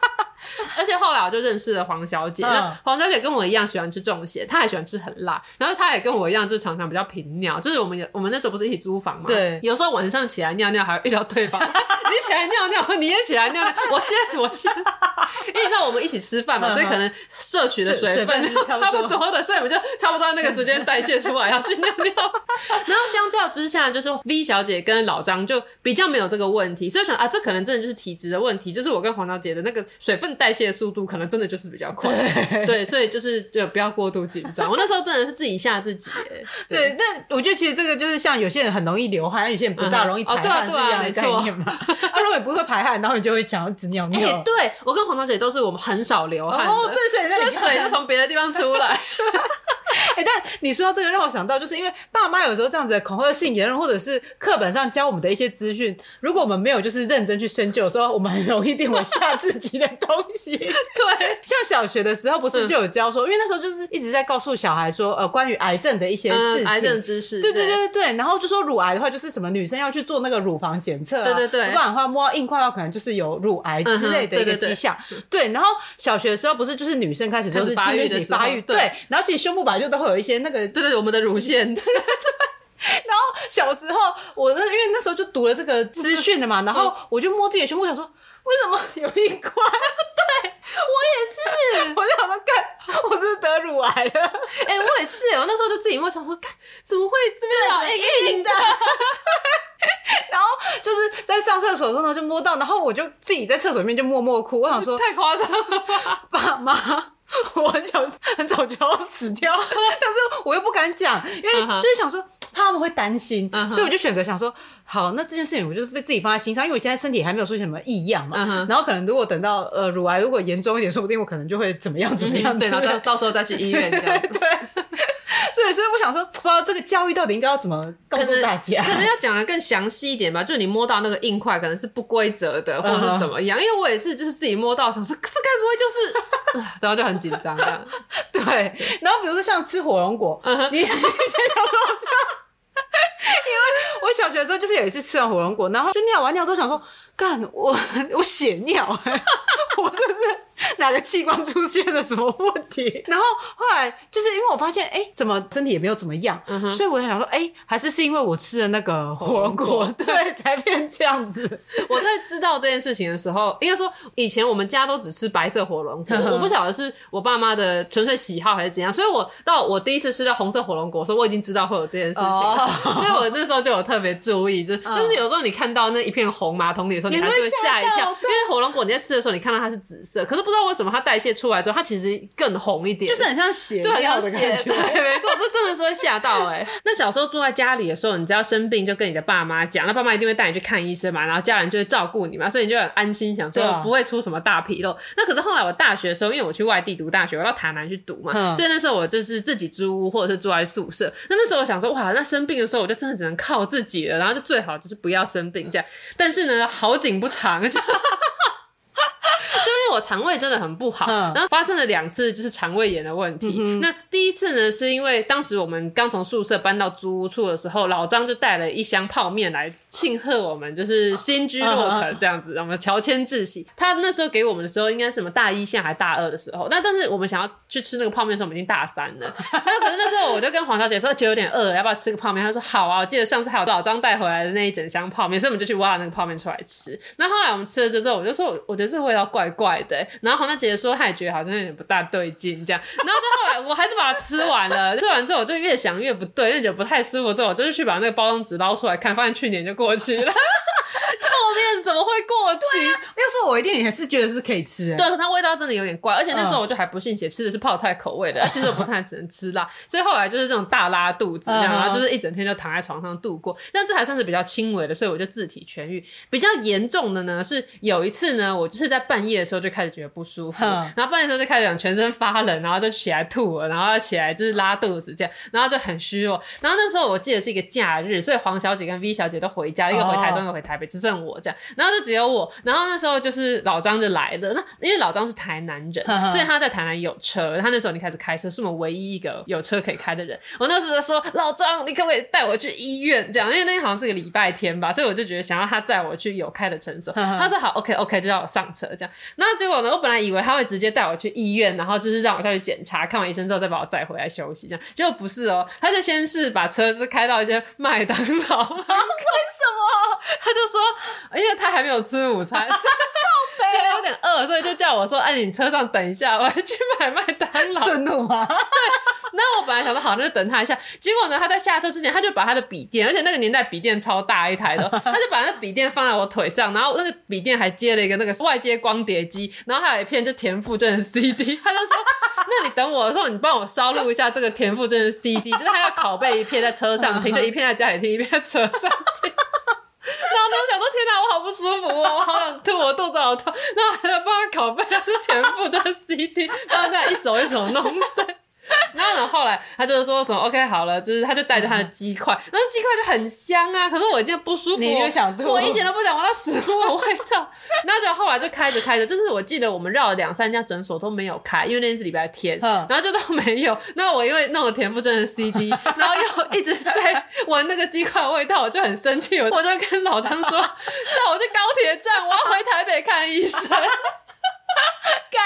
而且後來我就認識了黃小姐，嗯、黃小姐跟我一樣喜歡吃重鹹，她還喜歡吃很辣，然後她也跟我一樣就常常比較頻尿。就是我們有我們那時候不是一起租房嗎？對，有時候晚上起來尿尿還要遇到對方。 你起來尿尿，你也起來尿尿。我先我先，因為那我們一起吃飯嘛、嗯，所以可能攝取的水分，水分是差不多的，然後差不多的，所以我們就差不多那個時間代謝出來要 去尿尿。然後相較之下，就是 V 小姐跟老張就比較沒有這個問題，所以想啊，這可能真的就是體質的問題，就是我跟黃小姐的那個水分代謝的速度可能真的就是比較快。對，對，所以就是就不要過度緊張。 我那時候真的是自己嚇自己對。對，那我覺得其實這個就是像有些人很容易流汗，有些人不大容易排汗、嗯、是一樣的概念嘛。哦對啊對啊那、 啊、如果你不會排汗，然後你就會想要止尿尿。哎、欸，對，我跟黃小姐都是，我們很少流汗哦。對對，對，所以那個水就從別的地方出來。 哎、 欸，但你說到這個，讓我想到就是因為爸媽有時候這樣子的恐嚇性言論，或者是課本上教我們的一些資訊，如果我們沒有就是認真去深究的時候，說我們很容易變為嚇自己的東西。 對，像小學的時候不是就有教說，嗯、因為那時候就是一直在告訴小孩說，呃，關於癌症的一些事情、嗯，癌症知識。對對對對對，然後就說乳癌的話，就是什麼女生要去做那個乳房檢測、啊，對對對，不然的話摸到硬塊的話，可能就是有乳癌之類的一個跡象、嗯對對對對。對，然後小學的時候不是就是女生開始就是青春期發育，育的發育，對，然後其實胸部把就都會有一些那個，對對，我們的乳腺。對對對，然後小時候我，我的因為那時候就讀了這個資訊了嘛，然後我就摸自己的胸，我想說，為什麼有一塊？對我也是，我就想說，幹，我是，不是得乳癌了？哎、欸，我也是，我那時候就自己摸，想說，幹，怎麼會這邊老硬硬的，對硬的對？然後就是在上廁所的時候呢就摸到，然後我就自己在廁所裡面就默默哭，我想說，太誇張了，爸媽。我很想很早就要死掉，但是我又不敢講，因為就是想說他們會擔心，uh -huh. 所以我就選擇想說，好，那這件事情我就被自己放在心上，因為我現在身體還沒有出現什麼異樣嘛。Uh -huh. 然後可能如果等到呃乳癌如果嚴重一點，說不定我可能就會怎麼樣怎麼樣，嗯、對，然後到，到時候再去醫院 對。對所以，所以我想說，不知道這個教育到底應該要怎麼告訴大家可，可能要講的更詳細一點吧。就是你摸到那個硬塊，可能是不規則的，或者是怎麼樣。Uh -huh. 因為我也是，就是自己摸到，想說這該不會就是， 呃、然後就很緊張這樣。 對。然後比如說像吃火龍果，uh -huh. 你就想說這樣，因為我小學的時候就是有一次吃完火龍果，然後就尿完尿之後想說，干我我血尿，我是不是？ 哪個器官出現了什麼問題？ 然後後來就是因為我發現，哎、欸，怎麼身體也沒有怎麼樣，嗯、所以我想說，哎、欸，還是是因為我吃了那個火龍果，果，對， 才變這樣子。我在知道這件事情的時候，應該說以前我們家都只吃白色火龍果， 我不曉得是我爸媽的純粹喜好還是怎樣。所以，我到我第一次吃到紅色火龍果的時候，說我已經知道會有這件事情、oh. 所以我那時候就有特別注意，就、oh. 但是有時候你看到那一片紅馬桶裡的時候，會你還是會嚇一跳，因為火龍果你在吃的時候，你看到它是紫色，可是。不知道為什麼他代謝出來之後，他其實更紅一點，就是很像血尿的感覺，對，血。對，沒錯， 這真的是會嚇到哎、欸。那小時候住在家裡的時候，你只要生病，就跟你的爸媽講，那爸媽一定會帶你去看醫生嘛，然後家人就會照顧你嘛，所以你就很安心，想說不會出什麼大紕漏、啊。那可是後來我大學的時候，因為我去外地讀大學，我到台南去讀嘛，嗯、所以那時候我就是自己租屋或者是住在宿舍。那那時候我想說，哇，那生病的時候我就真的只能靠自己了，然後就最好就是不要生病這樣。但是呢，好景不長。 就因為我腸胃真的很不好，然後發生了兩次就是腸胃炎的問題、嗯。那第一次呢，是因為當時我們剛從宿舍搬到租屋處的時候，老張就帶了一箱泡麵來慶賀我們，就是新居落成這樣子，我們喬遷之喜、嗯。他那時候給我們的時候，應該是什麼大一、現還大二的時候，那但是我們想要去吃那個泡麵的時候，我們已經大三了。 那可是那時候我就跟黃小姐說，覺得有點餓了，要不要吃個泡麵？她說好啊。我記得上次還有老張帶回來的那一整箱泡麵，所以我們就去挖了那個泡麵出來吃。那後來我們吃了這之後，我就說，我覺得這味道怪。怪怪的，然後好像姐姐說，她也覺得好像有點不大對勁，這樣，然後在後來，我還是把它吃完了。 吃完之後，我就越想越不對，覺得不太舒服，之後我就去把那個包裝紙撈出來看，發現去年就過期了。 怎麼會過期、啊？要說我一定也是覺得是可以吃、欸。對，它味道真的有點怪，而且那時候我就還不信邪，吃的是泡菜口味的、嗯。其實我不太能吃辣，所以後來就是那種大拉肚子嗯嗯，這樣，然後就是一整天就躺在床上度過。但這還算是比較輕微的，所以我就自體痊癒。比較嚴重的呢，是有一次呢，我就是在半夜的時候就開始覺得不舒服，嗯、然後半夜的時候就開始講全身發冷，然後就起來吐了，然後起來就是拉肚子這樣，然後就很虛弱。然後那時候我記得是一個假日，所以黃小姐跟 V 小姐都回家，一個回台中，一個回台北，只剩我這樣。他就只有我。然後那時候就是老張就來了。那因為老張是台南人呵呵，所以他在台南有車。他那時候你開始開車，是我們唯一一個有車可以開的人。我那時候就說，老張，你可不可以帶我去醫院？這樣，因為那天好像是個禮拜天吧，所以我就覺得想要他載我去有開的診所。他說好，OK OK，就讓我上車這樣。那結果呢，我本來以為他會直接帶我去醫院，然後就是讓我下去檢查，看完醫生之後再把我載回來休息，這樣。結果不是哦，他就先是把車是開到一間麥當勞，啊，為什麼？他就說，因為他。還沒有吃午餐，覺 得有點餓，所以就叫我說：“哎、啊，你車上等一下，我還去買麥當勞。”順路嗎、啊？對。那我本來想說好，那就等他一下。結果呢，他在下車之前，他就把他的筆電，而且那個年代筆電超大一台的，他就把那筆電放在我腿上，然後那個筆電還接了一個那個外接光碟機，然後還有一片就田馥甄的 CD。他就說：“那你等我的時候，你幫我燒錄一下這個田馥甄的 CD。”就是他要拷貝一片在車上，聽 就一片在家裡聽，一片在車上聽。 然後就想說：“天哪、啊，我好不舒服、哦，我好想吐，我肚子好痛。”然後還要幫他拷貝，是全部就是 CD，然後再一首一首弄的。對。 然後呢？後來他就是說什麼？OK，好了，就是他就帶着他的雞塊，那雞塊就很香啊。可是我已經不舒服，你想我一點都不想聞到食物的味道。那 就後來就開着開着，就是我記得我們繞了兩三家診所都沒有開，因為那天是禮拜天， 然後就都沒有。那我因為弄了田馥甄的 CD，然後又一直在聞那個雞塊味道，我就很生氣。我就跟老張說：“那我去高鐵站，我要回台北看醫生。 ”幹，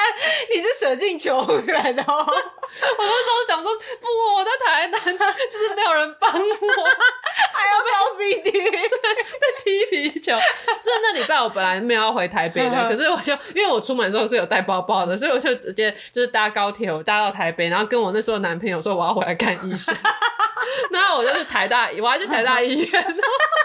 你是捨近求遠哦！我那時候想說不，我在台南，就是沒有人幫我，還要燒 CD，對，被踢皮球。 所以那禮拜我本來沒有要回台北的， 可是我就因為我出門的時候是有帶包包的，所以我就直接就是搭高鐵，我搭到台北，然後跟我那時候的男朋友說我要回來看醫生。那 我就是台大，我要去台大醫院。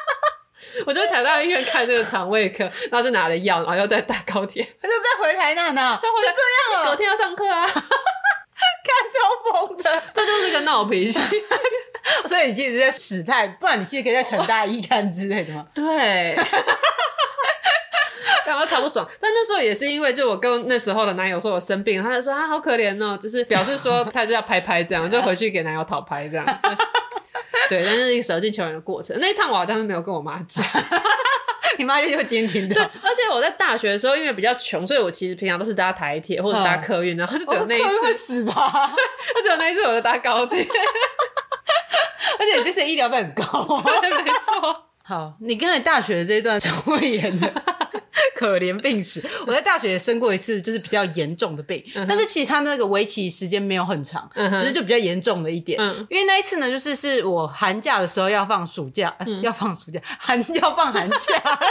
我就去台大醫院看這個腸胃科，然後就拿了藥，然後又再搭高鐵，他就在回台南呢，回這樣啊。隔天要上課啊， 看抽風的，這就是個鬧脾氣。 所以你其實在史泰，不然你其實可以在成大醫看之類的嗎？對，然後超不爽。但那時候也是因為，就我跟那時候的男友說我生病，他就說啊好可憐哦，就是表示說他就要拍拍這樣，就回去給男友討拍這樣。 這樣對，但是捨近求遠的過程，那一趟我好像是沒有跟我媽講， 你媽就會監聽的。對，而且我在大學的時候，因為比較窮，所以我其實平常都是搭台鐵或者搭客運，然後就只有那一次我是會死吧對，我只有那一次我就搭高鐵， 而且你這些醫療費很高、喔對，沒錯。好，你剛才大學的這一段是會演的。 可憐病史，我在大學也生過一次，就是比較嚴重的病，嗯，但是其實他那個為期時間沒有很長，嗯，只是就比較嚴重了一點，嗯。因為那一次呢，就是是我寒假的時候要放暑假，呃嗯、要放暑假，寒要放寒假。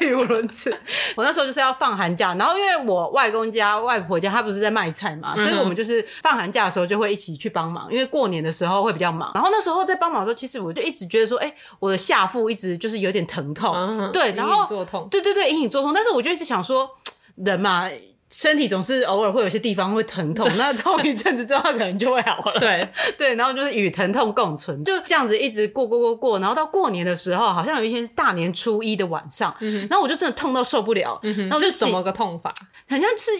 語無倫次。我那時候就是要放寒假，然後因為我外公家，外婆家，他不是在賣菜嘛，所以我們就是放寒假的時候就會一起去幫忙，因為過年的時候會比較忙。然後那時候在幫忙的時候，其實我就一直覺得說，哎，欸，我的下腹一直就是有點疼痛，uh-huh, 對，然後隱隱作痛，對對對，隱隱作，作痛。但是我就一直想說，人嘛。身體總是偶爾會有些地方會疼痛，那痛一陣子之後可能就會好了。對 對，然後就是與疼痛共存，就這樣子一直過過過過。然後到過年的時候，好像有一天是大年初一的晚上，嗯、然後我就真的痛到受不了。那、嗯、我是什麼個痛法？很像是。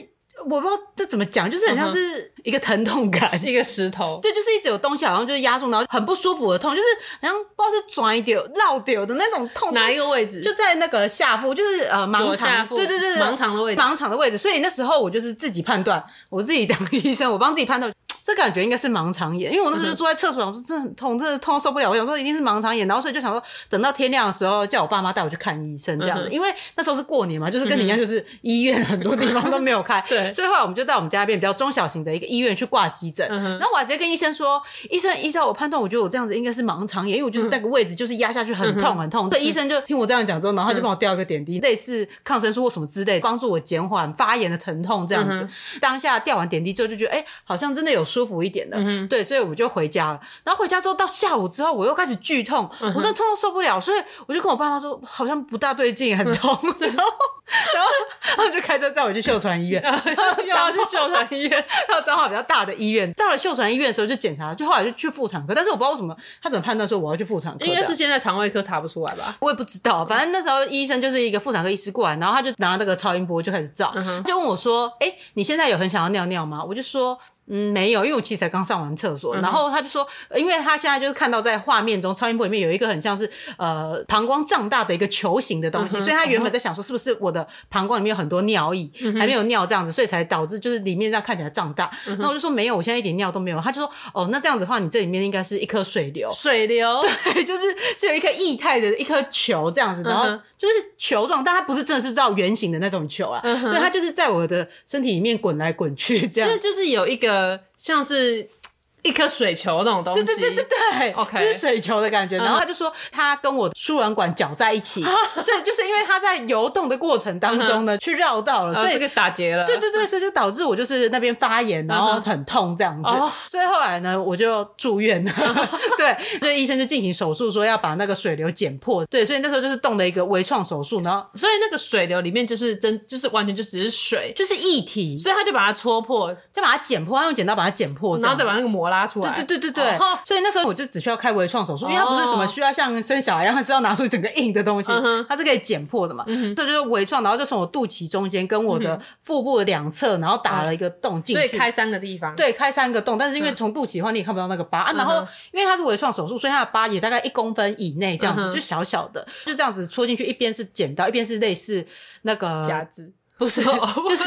我不知道這怎麼講，就是很像是一個疼痛感，一個石頭。對，就是一直有東西，好像就是壓住然後很不舒服的痛，就是好像不知道是拽掉、繞掉的那種痛。哪一個位置？就在那個下腹，就是呃盲腸，對對對對，盲腸的位置。盲腸的位置。所以那時候我就是自己判斷，我自己當醫生，我幫自己判斷。這感覺應該是盲腸炎，因為我那時候就坐在廁所，我說這很痛，這痛受不了。我想說一定是盲腸炎，然後所以就想說等到天亮的時候叫我爸媽帶我去看醫生這樣子，嗯。因為那時候是過年嘛，就是跟你一樣，就是醫院很多地方都沒有開，對，嗯。所以後來我們就到我們家那邊比較中小型的一個醫院去掛急診。嗯、然後我還直接跟醫生說，醫生，依照我判斷，我覺得我這樣子應該是盲腸炎，因為我就是那個位置就是壓下去很痛很痛。這、嗯、醫生就聽我這樣講之後，然後他就幫我吊一個點滴，類似抗生素或什麼之類的，幫助我減緩發炎的疼痛這樣子。嗯、當下吊完點滴之後，就覺得哎、欸，好像真的有舒。舒服一點的、嗯，對，所以我就回家了。然後回家之後，到下午之後，我又開始劇痛、嗯，我真的痛到受不了，所以我就跟我爸媽說，好像不大對勁，很痛。然、嗯、後，然後， 然後就開車載我去秀傳醫院，然 後又要去秀傳醫院，然後找好比較大的醫院。到了秀傳醫院的時候，就檢查，就後來就去婦產科，但是我不知道為什麼他怎麼判斷說我要去婦產科，應是現在腸胃科查不出來吧？我也不知道，反正那時候醫生就是一個婦產科醫師過來，然後他就拿那個超音波就開始照，嗯、就問我說：“哎、欸，你現在有很想要尿尿嗎？”我就說。嗯，沒有，因為我其實才剛上完廁所、嗯，然後他就說，因為他現在就是看到在畫面中超音波裡面有一個很像是呃膀胱脹大的一個球形的東西、嗯，所以他原本在想說是不是我的膀胱裡面有很多尿液、嗯，還沒有尿這樣子，所以才導致就是裡面這樣看起來脹大。那、嗯、我就說沒有，我現在一點尿都沒有。他就說哦，那這樣子的話，你這裡面應該是一顆水瘤，水瘤，對，就是是有一顆液態的一顆球這樣子，然後。就是球狀，但它不是正式繞圓形的那種球啊，對、uh-huh.，所以它就是在我的身體裡面滾來滾去，這樣，就是有一個像是。一顆水球那種東西，對對對對對，Okay, 就是水球的感覺。嗯、然後他就說，他跟我輸卵管攪在一起， 對，就是因為他在游動的過程當中呢，嗯、去繞道了、呃，所以就給、這個、打結了。對對對，所以就導致我就是那邊發炎，然後很痛這樣子、嗯。所以後來呢，我就住院了。嗯、對，所 以醫生就進行手術，說要把那個水瘤剪破。對，所以那時候就是動的一個微創手術，然後所以那個水瘤裡面就是真就是完全就只是水，就是液體，所以他就把它戳破，就把它剪破，他用剪刀把它剪破，然後再把那個膜。拉出來，對對對對對、哦，所以那時候我就只需要開微創手術、哦，因為它不是什麼需要像生小孩一樣、哦、是要拿出整個硬的東西，嗯、它是可以剪破的嘛。對、嗯，就是微創，然後就從我肚臍中間跟我的腹部兩側，然後打了一個洞進去、嗯。所以開三個地方？對，開三個洞，但是因為從肚臍的話你也看不到那個疤、嗯、啊。然後、嗯、因為它是微創手術，所以它的疤也大概一公分以內，這樣子、嗯、就小小的，就這樣子戳進去，一邊是剪刀，一邊是類似那個夾子。不是，就是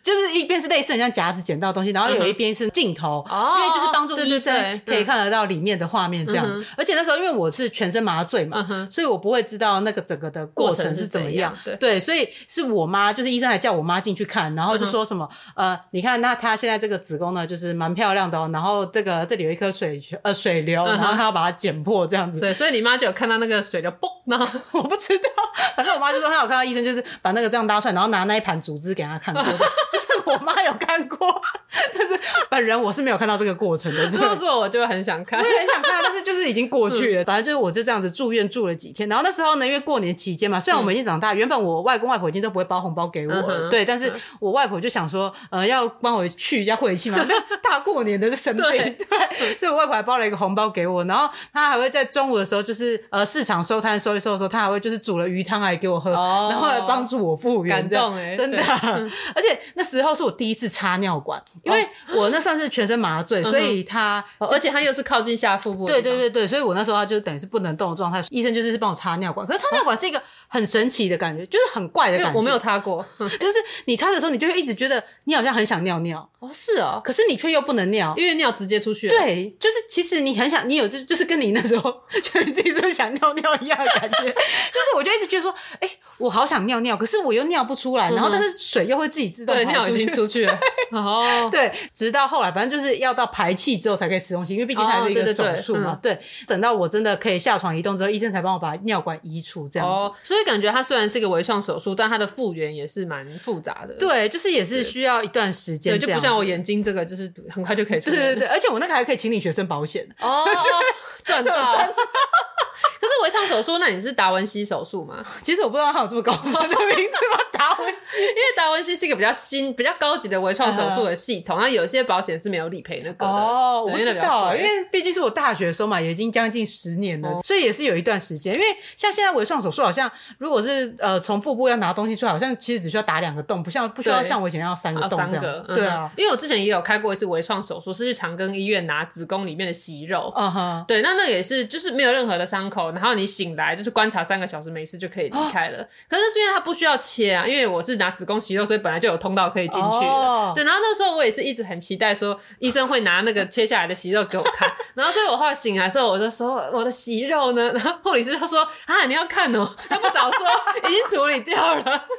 就是一邊是類似很像夾子撿到東西，然後有一邊是鏡頭，uh -huh. 因為就是幫助醫生可以看得到裡面的畫面這樣子。Uh -huh. 而且那時候因為我是全身麻醉嘛，uh -huh. 所以我不會知道那個整個的過程是怎麼樣。Uh -huh. 對，所以是我媽，就是醫生還叫我媽進去看，然後就說什麼，uh -huh. 呃，你看那他現在這個子宮呢，就是蠻漂亮的哦。然後這個這裡有一顆水呃水流，uh -huh. 然後他要把它剪破這樣子。Uh -huh. 對，所以你媽就有看到那個水流，嘣！然後 我不知道，反正我媽就說她有看到醫生就是把那個這樣搭出來，然後拿那。盤組織給他看過的， 就是我媽有看過， 但是本人我是沒有看到這個過程的。告訴我，我就很想看，我很想看， 但是就是已經過去了，嗯。反正就是我就這樣子住院住了幾天。然後那時候呢，因為過年期間嘛，雖然我們已經長大，嗯，原本我外公外婆已經都不會包紅包給我了，嗯、對。但是我外婆就想說，呃，要幫我去一下晦氣嘛，沒有，大過年的是生病， 對，對。所以我外婆還包了一個紅包給我，然後她還會在中午的時候，就是呃市場收攤收一收的時候，她還會就是煮了魚湯來給我喝，哦、然後來幫助我復原，這樣。感動欸。真的、嗯，而且那時候是我第一次插尿管，因為我那算是全身麻醉，哦、所以他，而且他又是靠近下腹部的，對對對對，所以我那時候他就等於是不能動的狀態，醫生就是幫我插尿管。可是插尿管是一個很神奇的感覺，就是很怪的感覺。我沒有插過、嗯，就是你插的時候，你就會一直覺得你好像很想尿尿哦，是哦，可是你卻又不能尿，因為尿直接出去了。對，就是其實你很想，你有就就是跟你那時候 就是自己就想尿尿一樣的感覺， 就是我就一直覺得說，哎、欸，我好想尿尿，可是我又尿不出來。然後，但是水又會自己自動，對，尿已經出去了。哦。對，直到後來，反正就是要到排氣之後才可以吃東西，因為畢竟它是一個手術嘛。哦、對、對、對、嗯、對，等到我真的可以下床移動之後，醫生才幫我把尿管移除。這樣子。哦。所以感覺它雖然是一個微創手術，但它的復原也是蠻複雜的。對，就是也是需要一段時間，對。對，就不像我眼睛這個，就是很快就可以。對對對。而且我那個還可以請你學生保險。哦，賺 了。是 可是微創手術，那你是達文西手術嗎？其實我不知道他有這麼高超的 名字嗎？達文西。 因為達文西是一個比較新、比較高級的微創手術的系統，那、uh -huh. 有些保險是沒有理賠那個的哦、oh,。我知道、啊，因為畢竟是我大學的時候嘛，也已經將近十年了，oh. 所以也是有一段時間。因為像現在微創手術，好像如果是呃從腹部要拿東西出來，好像其實只需要打兩個洞，不像不需要像我以前要三個洞這樣、三個。對啊，uh -huh. 因為我之前也有開過一次微創手術，是去長庚醫院拿子宮裡面的息肉。啊哈，對，那那也是就是沒有任何的傷口，然後你醒來就是觀察三個小時沒事就可以離開了。Uh -huh. 可是是因為它不需要切啊，因為我是。拿子宮息肉，所以本來就有通道可以進去了、oh. 對，然後那時候我也是一直很期待，說醫生會拿那個切下來的息肉給我看。Oh. 然後，所以我後來醒來之後，我就說 我的息肉呢？然後護理師就說：“啊，你要看哦，那不早說， 已經處理掉了。 ”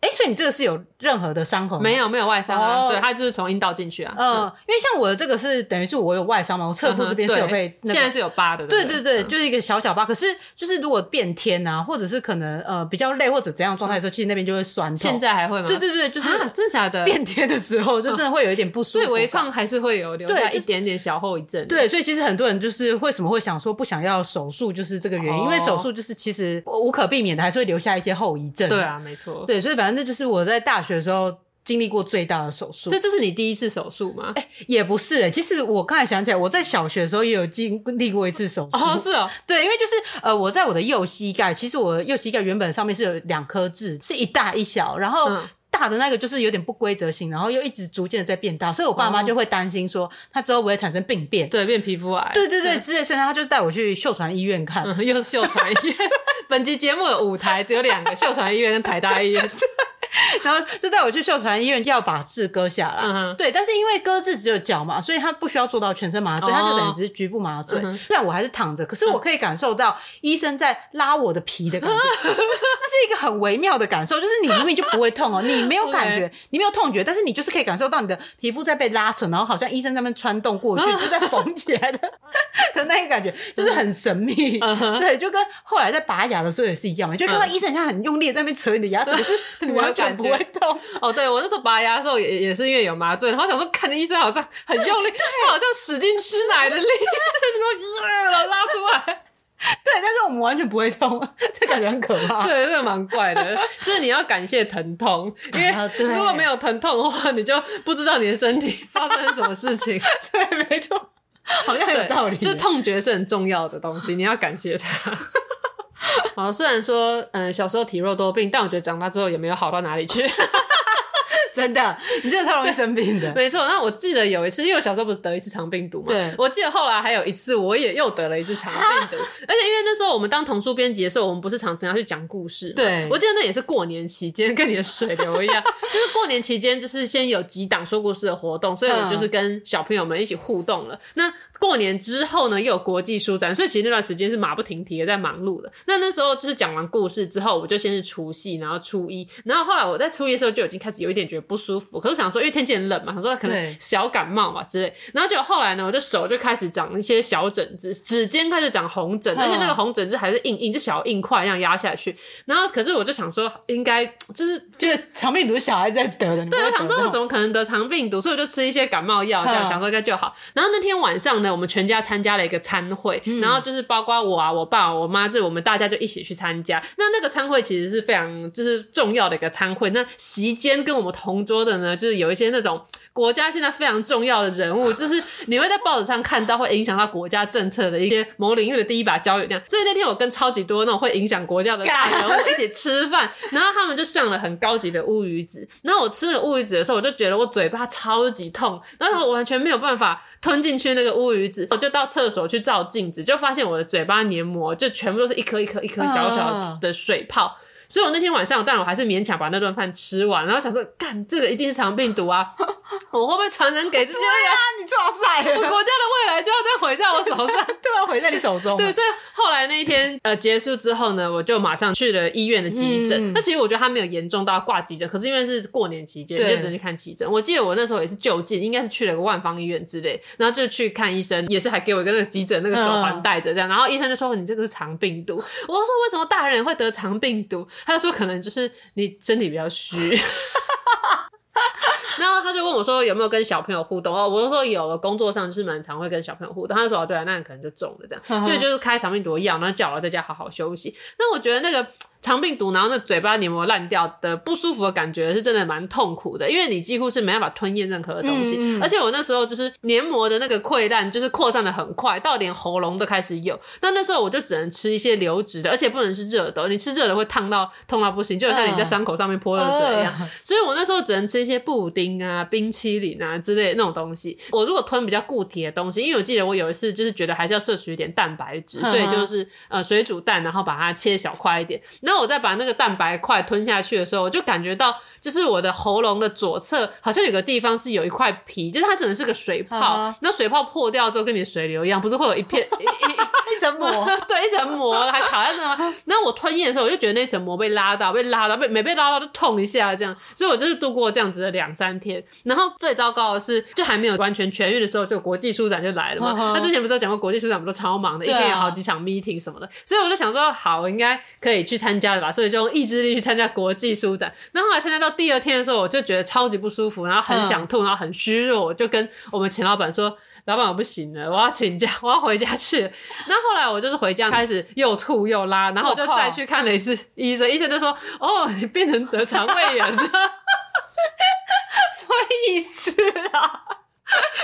哎、 欸，所以你這個是有任何的傷口嗎？沒有？沒有外傷。啊，哦，對，它就是從陰道進去啊。呃。嗯，因為像我的這個是等於是我有外傷嘛，我側腹這邊是有被，那個，嗯，現在是有疤的。對對對，嗯，就是一個小小疤。可是就是如果變天啊，或者是可能呃比較累或者怎樣狀態的時候，嗯，其實那邊就會痠痛。現在還會嗎？對對對，就是真的假的。變天的時候，就真的會有一點不舒服。哦。所以微創還是會有留下，就是，一點點小後遺症。對，所以其實很多人就是為什麼會想說不想要手術，就是這個原因，哦，因為手術就是其實無可避免的，還是會留下一些後遺症。對啊，沒錯。對，所以反正那就是我在大學的時候經歷過最大的手術，所以這是你第一次手術嗎？哎、欸，也不是哎、欸，其實我剛才想起來，我在小學的時候也有經歷過一次手術。哦，是哦，對，因為就是呃，我在我的右膝蓋，其實我右膝蓋原本上面是有兩顆痣，是一大一小，然後大的那個就是有點不規則性，然後又一直逐漸的在變大，所以我爸媽就會擔心說，他之後不會產生病變？哦、對，變皮膚癌。對對對，直接現在他就帶我去秀傳醫院看，嗯、又是秀傳醫院。 本集節目的舞台只有兩個， 秀傳醫院跟台大醫院。 然後就帶我去秀傳醫院，就要把痣割下來。Uh -huh. 對，但是因為割痣只有腳嘛，所以他不需要做到全身麻醉，oh. 他就等於只是局部麻醉。Uh -huh. 雖然我還是躺着，可是我可以感受到醫生在拉我的皮的感覺。那、uh -huh. 是，是一個很微妙的感受，就是你明明就不會痛哦、喔，你沒有感覺，uh -huh. 你沒有痛覺，但是你就是可以感受到你的皮膚在被拉扯，然後好像醫生在那邊穿動過去，就在縫起來的的那個感覺，uh -huh. 就是很神秘。Uh -huh. 對，就跟後來在拔牙的時候也是一樣，就看到醫生像很用力的在那邊扯你的牙齒，uh -huh. 可是我。感覺不會痛哦。對我那時候拔牙的時候也也是因為有麻醉，然後我想說，看的醫生好像很用力，他好像使勁吃奶的力，怎麼這樣拉出來？對，但是我們完全不會痛， 這感覺很可怕。對，這個蠻怪的， 就是你要感謝疼痛， 因為如果沒有疼痛的話，你就不知道你的身體發生了什麼事情。 對，沒錯，好像有道理，就是痛覺是很重要的東西，你要感謝它。 好，雖然說，嗯、呃，小時候體弱多病，但我覺得長大之後也沒有好到哪裡去。 真的，你真的超容易生病的，沒錯。那我記得有一次，因為我小時候不是得一次腸病毒嘛，對，我記得後來還有一次，我也又得了一次腸病毒、啊。而且因為那時候我們當童書編輯的時候，我們不是常常要去講故事嘛，對，我記得那也是過年期間，跟你的水流一樣，就是過年期間就是先有幾檔說故事的活動， 所以我就是跟小朋友們一起互動了。嗯、那過年之後呢，又有國際書展，所以其實那段時間是馬不停蹄的在忙碌的。那那時候就是講完故事之後，我就先是除夕，然後初一，然後後來我在初一的時候就已經開始有一點覺不舒服，可是想說，因為天氣很冷嘛，想說可能小感冒嘛之類。然後結果後來呢，我就手就開始長一些小疹子，指尖開始長紅疹，而且那個紅疹子還是硬硬，就小硬塊這樣壓下去。然後，可是我就想說應，應該就是就是就是、腸病毒小孩子在得的。對的，我想說我怎麼可能得腸病毒，所以我就吃一些感冒藥、嗯，想說應該就好。然後那天晚上呢，我們全家參加了一個餐會、嗯，然後就是包括我啊、我爸、啊、我媽、啊，這我們大家就一起去參加。那那個餐會其實是非常就是重要的一個餐會。那席間跟我們同同桌的呢，就是有一些那種國家現在非常重要的人物，就是你會在報紙上看到，會影響到國家政策的一些某領域的第一把交椅那樣。所以那天我跟超級多那種會影響國家的大人物一起吃飯，然後他們就上了很高級的烏魚子，然後我吃了烏魚子的時候，我就覺得我嘴巴超級痛，然後我完全沒有辦法吞進去那個烏魚子，我就到廁所去照鏡子，就發現我的嘴巴黏膜就全部都是一顆一顆一顆小小小的水泡。所以，我那天晚上，但我還是勉強把那頓飯吃完，然後想說，幹，這個一定是腸病毒啊。 我會不會傳染給這些人？你作死！我國家的未來就要再毀在我手上 對不對？毀在你手中。對，所以後來那一天、嗯、呃結束之後呢，我就馬上去了醫院的急診、嗯。那其實我覺得他沒有嚴重到要掛急診，可是因為是過年期間，就只能看急診。我記得我那時候也是就近，應該是去了個萬芳醫院之類，然後就去看醫生，也是還給我一個那個急診那個手環戴着這樣、嗯。然後醫生就說：“你這個是腸病毒。”我說：“為什麼大人會得腸病毒？”他就說：“可能就是你身體比較虛。 ” 然後他就問我說：“有沒有跟小朋友互動？”哦，我就說：“有了，工作上是蠻常會跟小朋友互動。”他就說：“對啊，那你可能就中了這樣， 所以就是開腸病毒一樣，然後叫我在家好好休息。”那我覺得那個。腸病毒，然後那嘴巴黏膜，爛掉的不舒服的感覺是真的蠻痛苦的，因為你幾乎是沒辦法吞嚥任何的東西，嗯。而且我那時候就是黏膜的那個潰爛，就是擴散的很快，到連喉嚨都開始有。那那時候我就只能吃一些流質的，而且不能是熱的，你吃熱的會燙到痛到不行，就像你在傷口上面潑熱水一樣，嗯嗯。所以我那時候只能吃一些布丁啊、冰淇淋啊之類的那種東西。我如果吞比較固體的東西，因為我記得我有一次就是覺得還是要攝取一點蛋白質，所以就是呃水煮蛋，然後把它切小塊一點，然後我再把那個蛋白塊吞下去的時候，我就感覺到，就是我的喉嚨的左側好像有個地方是有一塊皮，就是它只能是個水泡。那水泡破掉之後，跟你的水流一樣，不是會有一片一 一層膜？ 對，一層膜還卡在那嗎？那 我吞咽的時候，我就覺得那層膜被拉到，被拉到，被沒被拉到就痛一下這樣。所以，我就是度過這樣子的兩三天。然後最糟糕的是，就還沒有完全痊癒的時候，就國際書展就來了嘛。他之前不是講過，國際書展我們都超忙的，一天有好幾場 meeting 什麼的、啊。所以我就想說，好，我應該可以去參。參加吧，所以就用意志力去參加國際書展。那後，後來參加到第二天的時候，我就覺得超級不舒服，然後很想吐，然後很虛弱、嗯，我就跟我們前老闆說：“老闆，我不行了，我要請假，我要回家去。”那後，後來我就是回家，開始又吐又拉，然後我就再去看了一次醫生，喔、醫生就說：“哦，你變成得腸胃炎了，所以是啊。”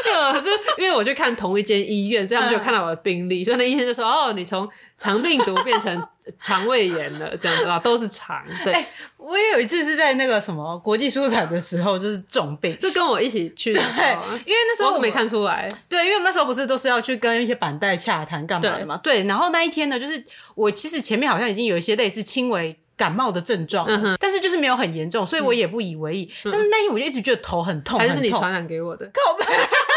對啊，就因為我去看同一間醫院，所以他們就看到我的病歷，所以那醫生就說：“哦，你從腸病毒變成腸胃炎了，這樣子啦，都是腸。”對、欸，我也有一次是在那個什麼國際書展的時候，就是重病，就跟我一起去的時候。因為那時候我，我都沒看出來。對，因為我那時候不是都是要去跟一些板帶洽談幹嘛的嘛？對，然後那一天呢，就是我其實前面好像已經有一些類似輕微。感冒的症狀、嗯，但是就是沒有很嚴重，所以我也不以為意。嗯、但是那一我就一直覺得頭很痛，嗯、很痛還是你傳染給我的？靠北！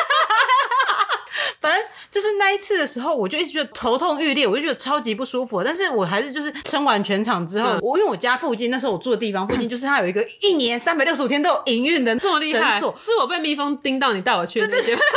反正就是那一次的時候，我就一直覺得頭痛欲裂，我就覺得超級不舒服。但是我還是就是撐完全場之後，我因為我家附近那時候我住的地方附近就是它有一個一年三百六十五天都有營運的這麼厲害診所，是我被蜜蜂叮到你帶我去的真的那些。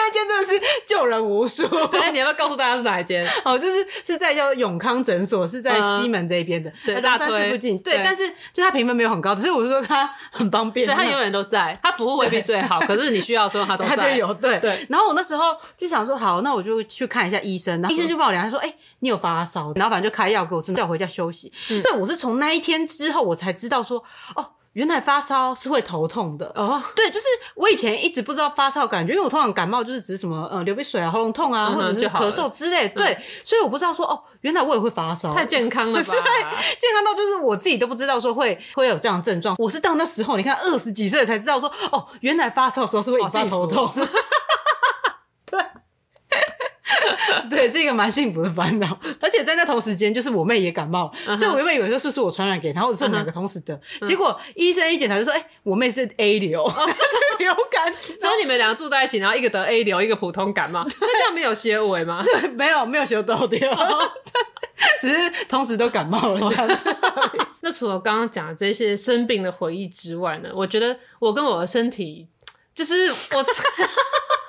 那間真的是救人無數，但你要不要告訴大家是哪一間？哦，就是是在叫永康診所，是在西門這邊的，大三寺附近。對，但是就他評分沒有很高，只是我說他很方便，他永遠都在，他服務未必最好， 可是你需要的時候他都在。他有對對。然後我那時候就想說，好，那我就去看一下醫生。然後醫生就幫我量，他說：“哎、欸，你有發燒。”然後反正就開藥給我吃，叫我回家休息。嗯、對，我是從那一天之後，我才知道說，哦。原來發燒是會頭痛的哦，對，就是我以前一直不知道發燒感覺，因為我通常感冒就是指什麼呃流鼻水啊、喉嚨痛啊、嗯，或者是咳嗽之類，對、嗯，所以我不知道說哦，原來我也會發燒，太健康了吧， 對，健康到就是我自己都不知道說會會有這樣的症狀，我是到那時候，你看二十幾歲才知道說哦，原來發燒的時候是會引發頭痛， 對。 對，是一個蠻幸福的煩惱，而且在那同時間，就是我妹也感冒，uh -huh. 所以我原本以為說是不是我傳染給她，或者說兩個同時得，uh -huh. 結果醫生一檢查就說，哎、欸，我妹是 A 流，是、oh, 流 感， 所以你們兩個住在一起，然後一個得 A 流，一個普通感冒， 那這樣沒有邪尾嗎？對，沒有，沒有血都掉， 只是同時都感冒了、oh. 這樣子。 那除了剛剛講的這些生病的回憶之外呢，我覺得我跟我的身體，就是我。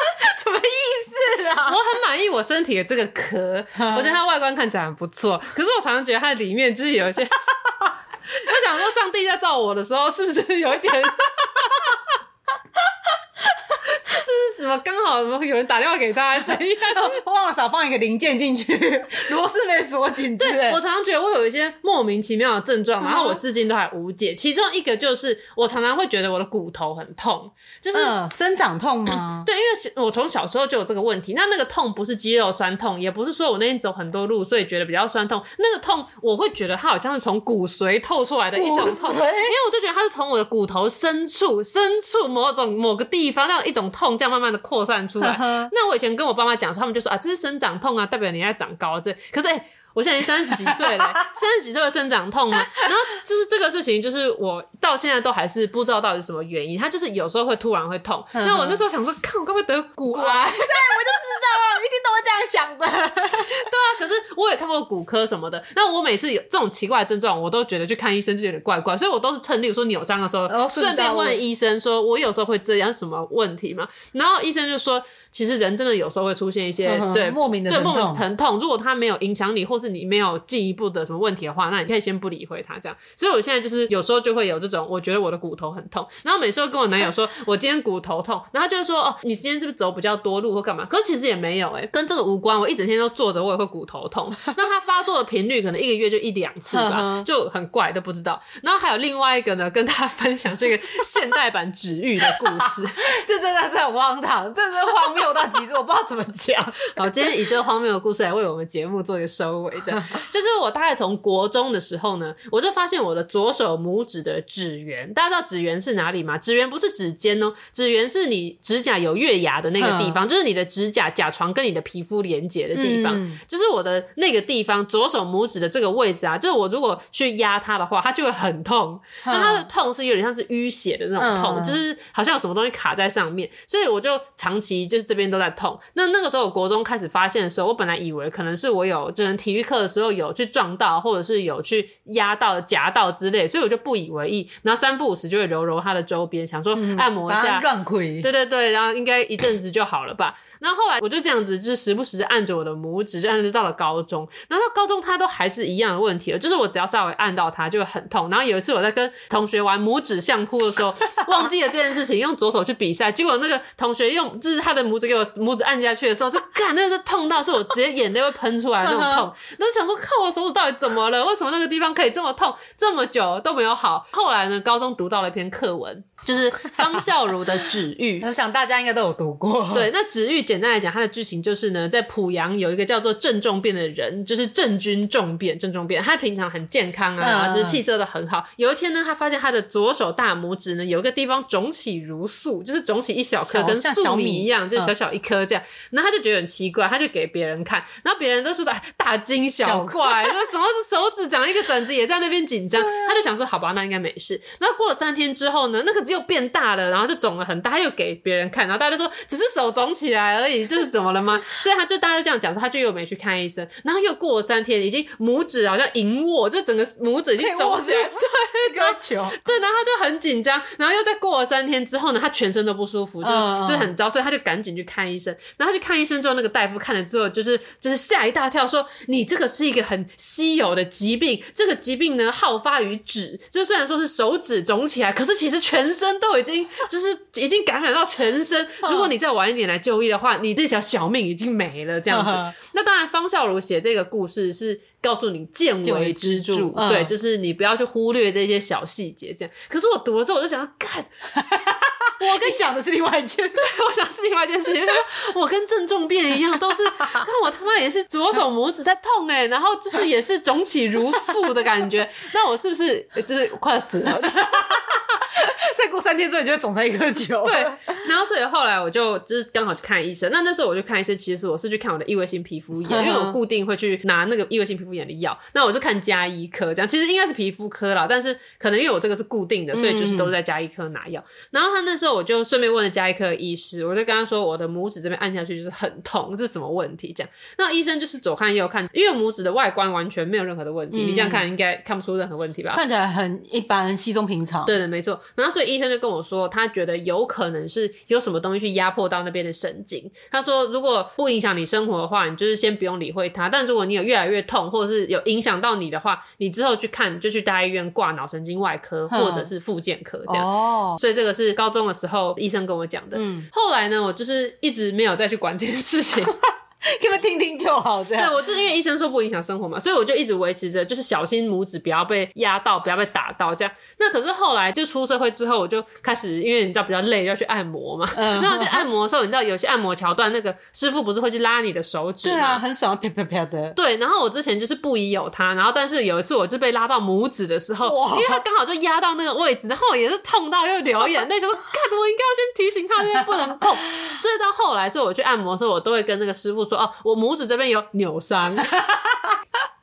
什麼意思啊？我很滿意我身體的這個殼， 我覺得它外觀看起來很不錯。可是我常常覺得它裡面就是有一些， 我想說上帝在照我的時候，是不是有一點？ 怎麼剛好有、有、有人打電話給他？怎樣？ 忘了少放一個零件進去，螺絲被鎖緊。對，我常常覺得我有一些莫名其妙的症狀，然後我至今都還無解。嗯、其中一個就是我常常會覺得我的骨頭很痛，就是生、呃、生長痛嗎？ 對，因為我從小時候就有這個問題。那那個痛不是肌肉酸痛，也不是說我那天走很多路所以覺得比較酸痛。那個痛我會覺得它好像是從骨髓透出來的一種痛，因為我就覺得它是從我的骨頭深處深處某種某個地方那一種痛，這樣慢慢。擴散出來呵呵，那我以前跟我爸媽講說，他們就說啊，這是生長痛啊，代表你在長高這。可是哎。欸我現在已經三十幾歲了、欸，三十幾歲的生長痛啊！ 然後就是這個事情，就是我到現在都還是不知道到底是什麼原因。它就是有時候會突然會痛。那、嗯、我那時候想說，看我會不會得骨癌？對，我就知道， 我一定都會這樣想的。 對啊，可是我也看過骨科什麼的。那我每次有這種奇怪的症狀，我都覺得去看醫生就有點怪怪，所以我都是趁例如說扭傷的時候，順、哦、便問醫生說我有時候會這樣，什麼問題嗎？然後醫生就說，其實人真的有時候會出現一些、嗯、對莫名的對莫名疼痛。如果他沒有影響你，或是你沒有進一步的什麼問題的話，那你可以先不理會他這樣。所以我現在就是有時候就會有這種，我覺得我的骨頭很痛，然後每次都跟我男友說，我今天骨頭痛，然後他就是說 哦，你今天是不是走比較多路或幹嘛？可是其實也沒有哎、欸，跟這個無關。我一整天都坐着，我也會骨頭痛。 那他發作的頻率可能一個月就一兩次吧、嗯，就很怪都不知道。然後還有另外一個呢，跟大家分享這個現代版指喻的故事 這的，這真的是很荒唐，這是荒六到極致，我不知道怎麼講。好，今天以這個荒謬的故事來為我們節目做一個收尾的， 就是我大概從國中的時候呢，我就發現我的左手拇指的指緣，大家知道指緣是哪裡嗎？指緣不是指尖哦、喔，指緣是你指甲有月牙的那個地方，嗯、就是你的指甲甲床跟你的皮膚連接的地方、嗯，就是我的那個地方，左手拇指的這個位置啊，就是我如果去壓它的話，它就會很痛。那、嗯、它的痛是有點像是淤血的那種痛、嗯，就是好像有什麼東西卡在上面，所以我就長期就是。這邊都在痛。那那個時候我國中開始發現的時候，我本來以為可能是我有，只能體育課的時候有去撞到，或者是有去壓到、夾到之類，所以我就不以為意，然後三不五時就會揉揉他的周邊，想說按摩一下，嗯、對對對，然後應該一陣子就好了吧。 然後後來我就這樣子，就是時不時按着我的拇指，就按着到了高中。然後到高中，他都還是一樣的問題了，就是我只要稍微按到它就會很痛。然後有一次我在跟同學玩拇指相撲的時候，忘記了這件事情，用左手去比賽，結果那個同學用就是他的拇指就給我拇指按下去的時候，就感那是痛到是我直接眼淚會噴出來那種痛。那 是想說，靠，我手指到底怎麼了？為什麼那個地方可以這麼痛，這麼久都沒有好？後來呢，高中讀到了一篇課文，就是方孝孺的止《指喻》，我想大家應該都有讀過。對，那《指喻》簡單來講，它的劇情就是呢，在浦陽有一個叫做鄭仲變的人，就是鄭君仲變，鄭仲變，他平常很健康啊，就是氣色都很好。 有一天呢，他發現他的左手大拇指呢有一個地方腫起如粟，就是腫起一小顆，跟粟米一樣，就、嗯、是。小，小一顆這樣，然後他就覺得很奇怪，他就給別人看，然後別人都說的大驚小怪，說什麼是手指長一個疹子，也在那邊緊張。他就想說好吧，那應該沒事。然後過了三天之後呢，那個又變大了，然後就腫了很大，他又給別人看，然後大家就說只是手腫起來而已，這、就是怎麼了嗎？ 所以他就大家就這樣講說，他就又沒去看醫生。然後又過了三天，已經拇指好像贏我，就整個拇指已經腫起來，對，高球，對，然後他就很緊張。然後又再過了三天之後呢，他全身都不舒服，就、嗯、就很糟，所以他就趕緊就去，去看醫生，然後去看醫生之後，那個大夫看了之後、就是，就是就是嚇一大跳說，說你這個是一個很稀有的疾病，這個疾病呢好發於指，就雖然說是手指腫起來，可是其實全身都已經就是已經感染到全身。如果你再晚一點來就醫的話，你這條小、小命已經沒了。這樣子，呵呵，那當然，方孝孺寫這個故事是告訴你見微知著，對、嗯，就是你不要去忽略這些小細節。這樣，可是我讀了之後，我就想幹。 我跟你想的是另外一件事，對，我想的是另外一件事情，就是。我跟鄭仲辨一樣，都是看我他媽也是左手拇指在痛誒、欸， 然後就是也是腫起如粟的感覺。 那我是不是就是快死了？ 再過三天之後你就會腫成一顆球。對，然後所以後來我就就是剛好去看醫生。那那時候我就看醫生，其實我是去看我的異位性皮膚炎、嗯，因為我固定會去拿那個異位性皮膚炎的藥。那我是看家醫科這樣，其實應該是皮膚科啦，但是可能因為我這個是固定的，所以就是都是在家醫科拿藥、嗯。然後他那時候我就順便問了家醫科醫師，我就跟他說我的拇指這邊按下去就是很痛，這是什麼問題？這樣，那醫生就是左看右看，因為我拇指的外觀完全沒有任何的問題，嗯、你這樣看應該看不出任何問題吧？看起來很一般，稀鬆平常。對的，沒錯。然後，所以醫生就跟我說，他覺得有可能是有什麼東西去壓迫到那邊的神經。他說，如果不影響你生活的話，你就是先不用理會它。但如果你有越來越痛，或者是有影響到你的話，你之後去看就去大醫院掛腦神經外科或者是復健科這樣。哦，所以這個是高中的時候醫生跟我講的。嗯，後來呢，我就是一直沒有再去管這件事情。嗯。 可不聽聽就好，這樣。對，我就因為醫生說不影響生活嘛，所以我就一直維持着，就是小心拇指不要被壓到，不要被打到這樣。那可是後來就出社會之後，我就開始因為你知道比較累要去按摩嘛，嗯，那我去按摩的時候，你知道有些按摩橋段，那個師傅不是會去拉你的手指嗎？對啊，很爽，啪、啪啪啪的。對，然後我之前就是不疑有他，然後但是有一次我就被拉到拇指的時候，哇，因為他剛好就壓到那個位置，然後我也是痛到又流眼淚，想 說看我應該要先提醒他這邊不能碰。 所以到後來，就我去按摩的時候，我都會跟那個師傅。說哦，我拇指這邊有扭傷，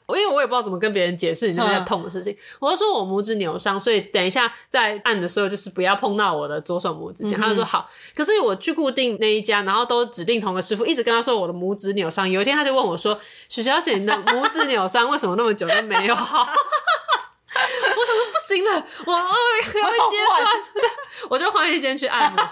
我 因為我也不知道怎麼跟別人解釋你那邊痛的事情、嗯，我就說我拇指扭傷，所以等一下在按的時候就是不要碰到我的左手拇指。這樣，嗯，他就說好。可是我去固定那一家，然後都指定同一個師傅，一直跟他說我的拇指扭傷。有一天他就問我說：“許小姐，你的拇指扭傷為什麼那麼久都沒有好？” 我想說：“不行了，我呃要被揭穿， 我就換一間去按摩。”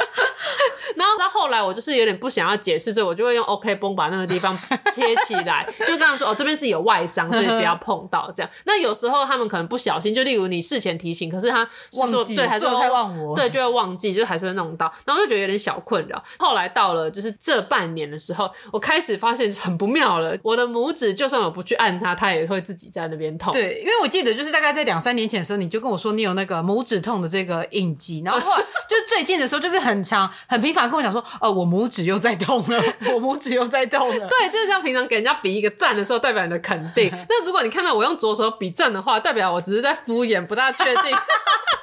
然後到後來，我就是有點不想要解釋，所以我就會用 OK 繃把那個地方貼起來， 就這樣說：“哦，這邊是有外傷，所以不要碰到。”這樣。那有時候他們可能不小心，就例如你事前提醒，可是他是忘記，對，還是會忘我，對，就會忘記，就還是會弄到。然後就覺得有點小困擾。後來到了就是這半年的時候，我開始發現很不妙了。我的拇指就算我不去按它，它也會自己在那邊痛。對，因為我記得就是大概在兩三年前的時候，你就跟我說你有那個拇指痛的這個印記，然後後來就最近的時候就是很。 很強，很頻繁跟我講說，呃，我拇指又在動了，我拇指又在動了。 對，就是像平常給人家比一個讚的時候，代表你的肯定。 那如果你看到我用左手比讚的話，代表我只是在敷衍，不大確定。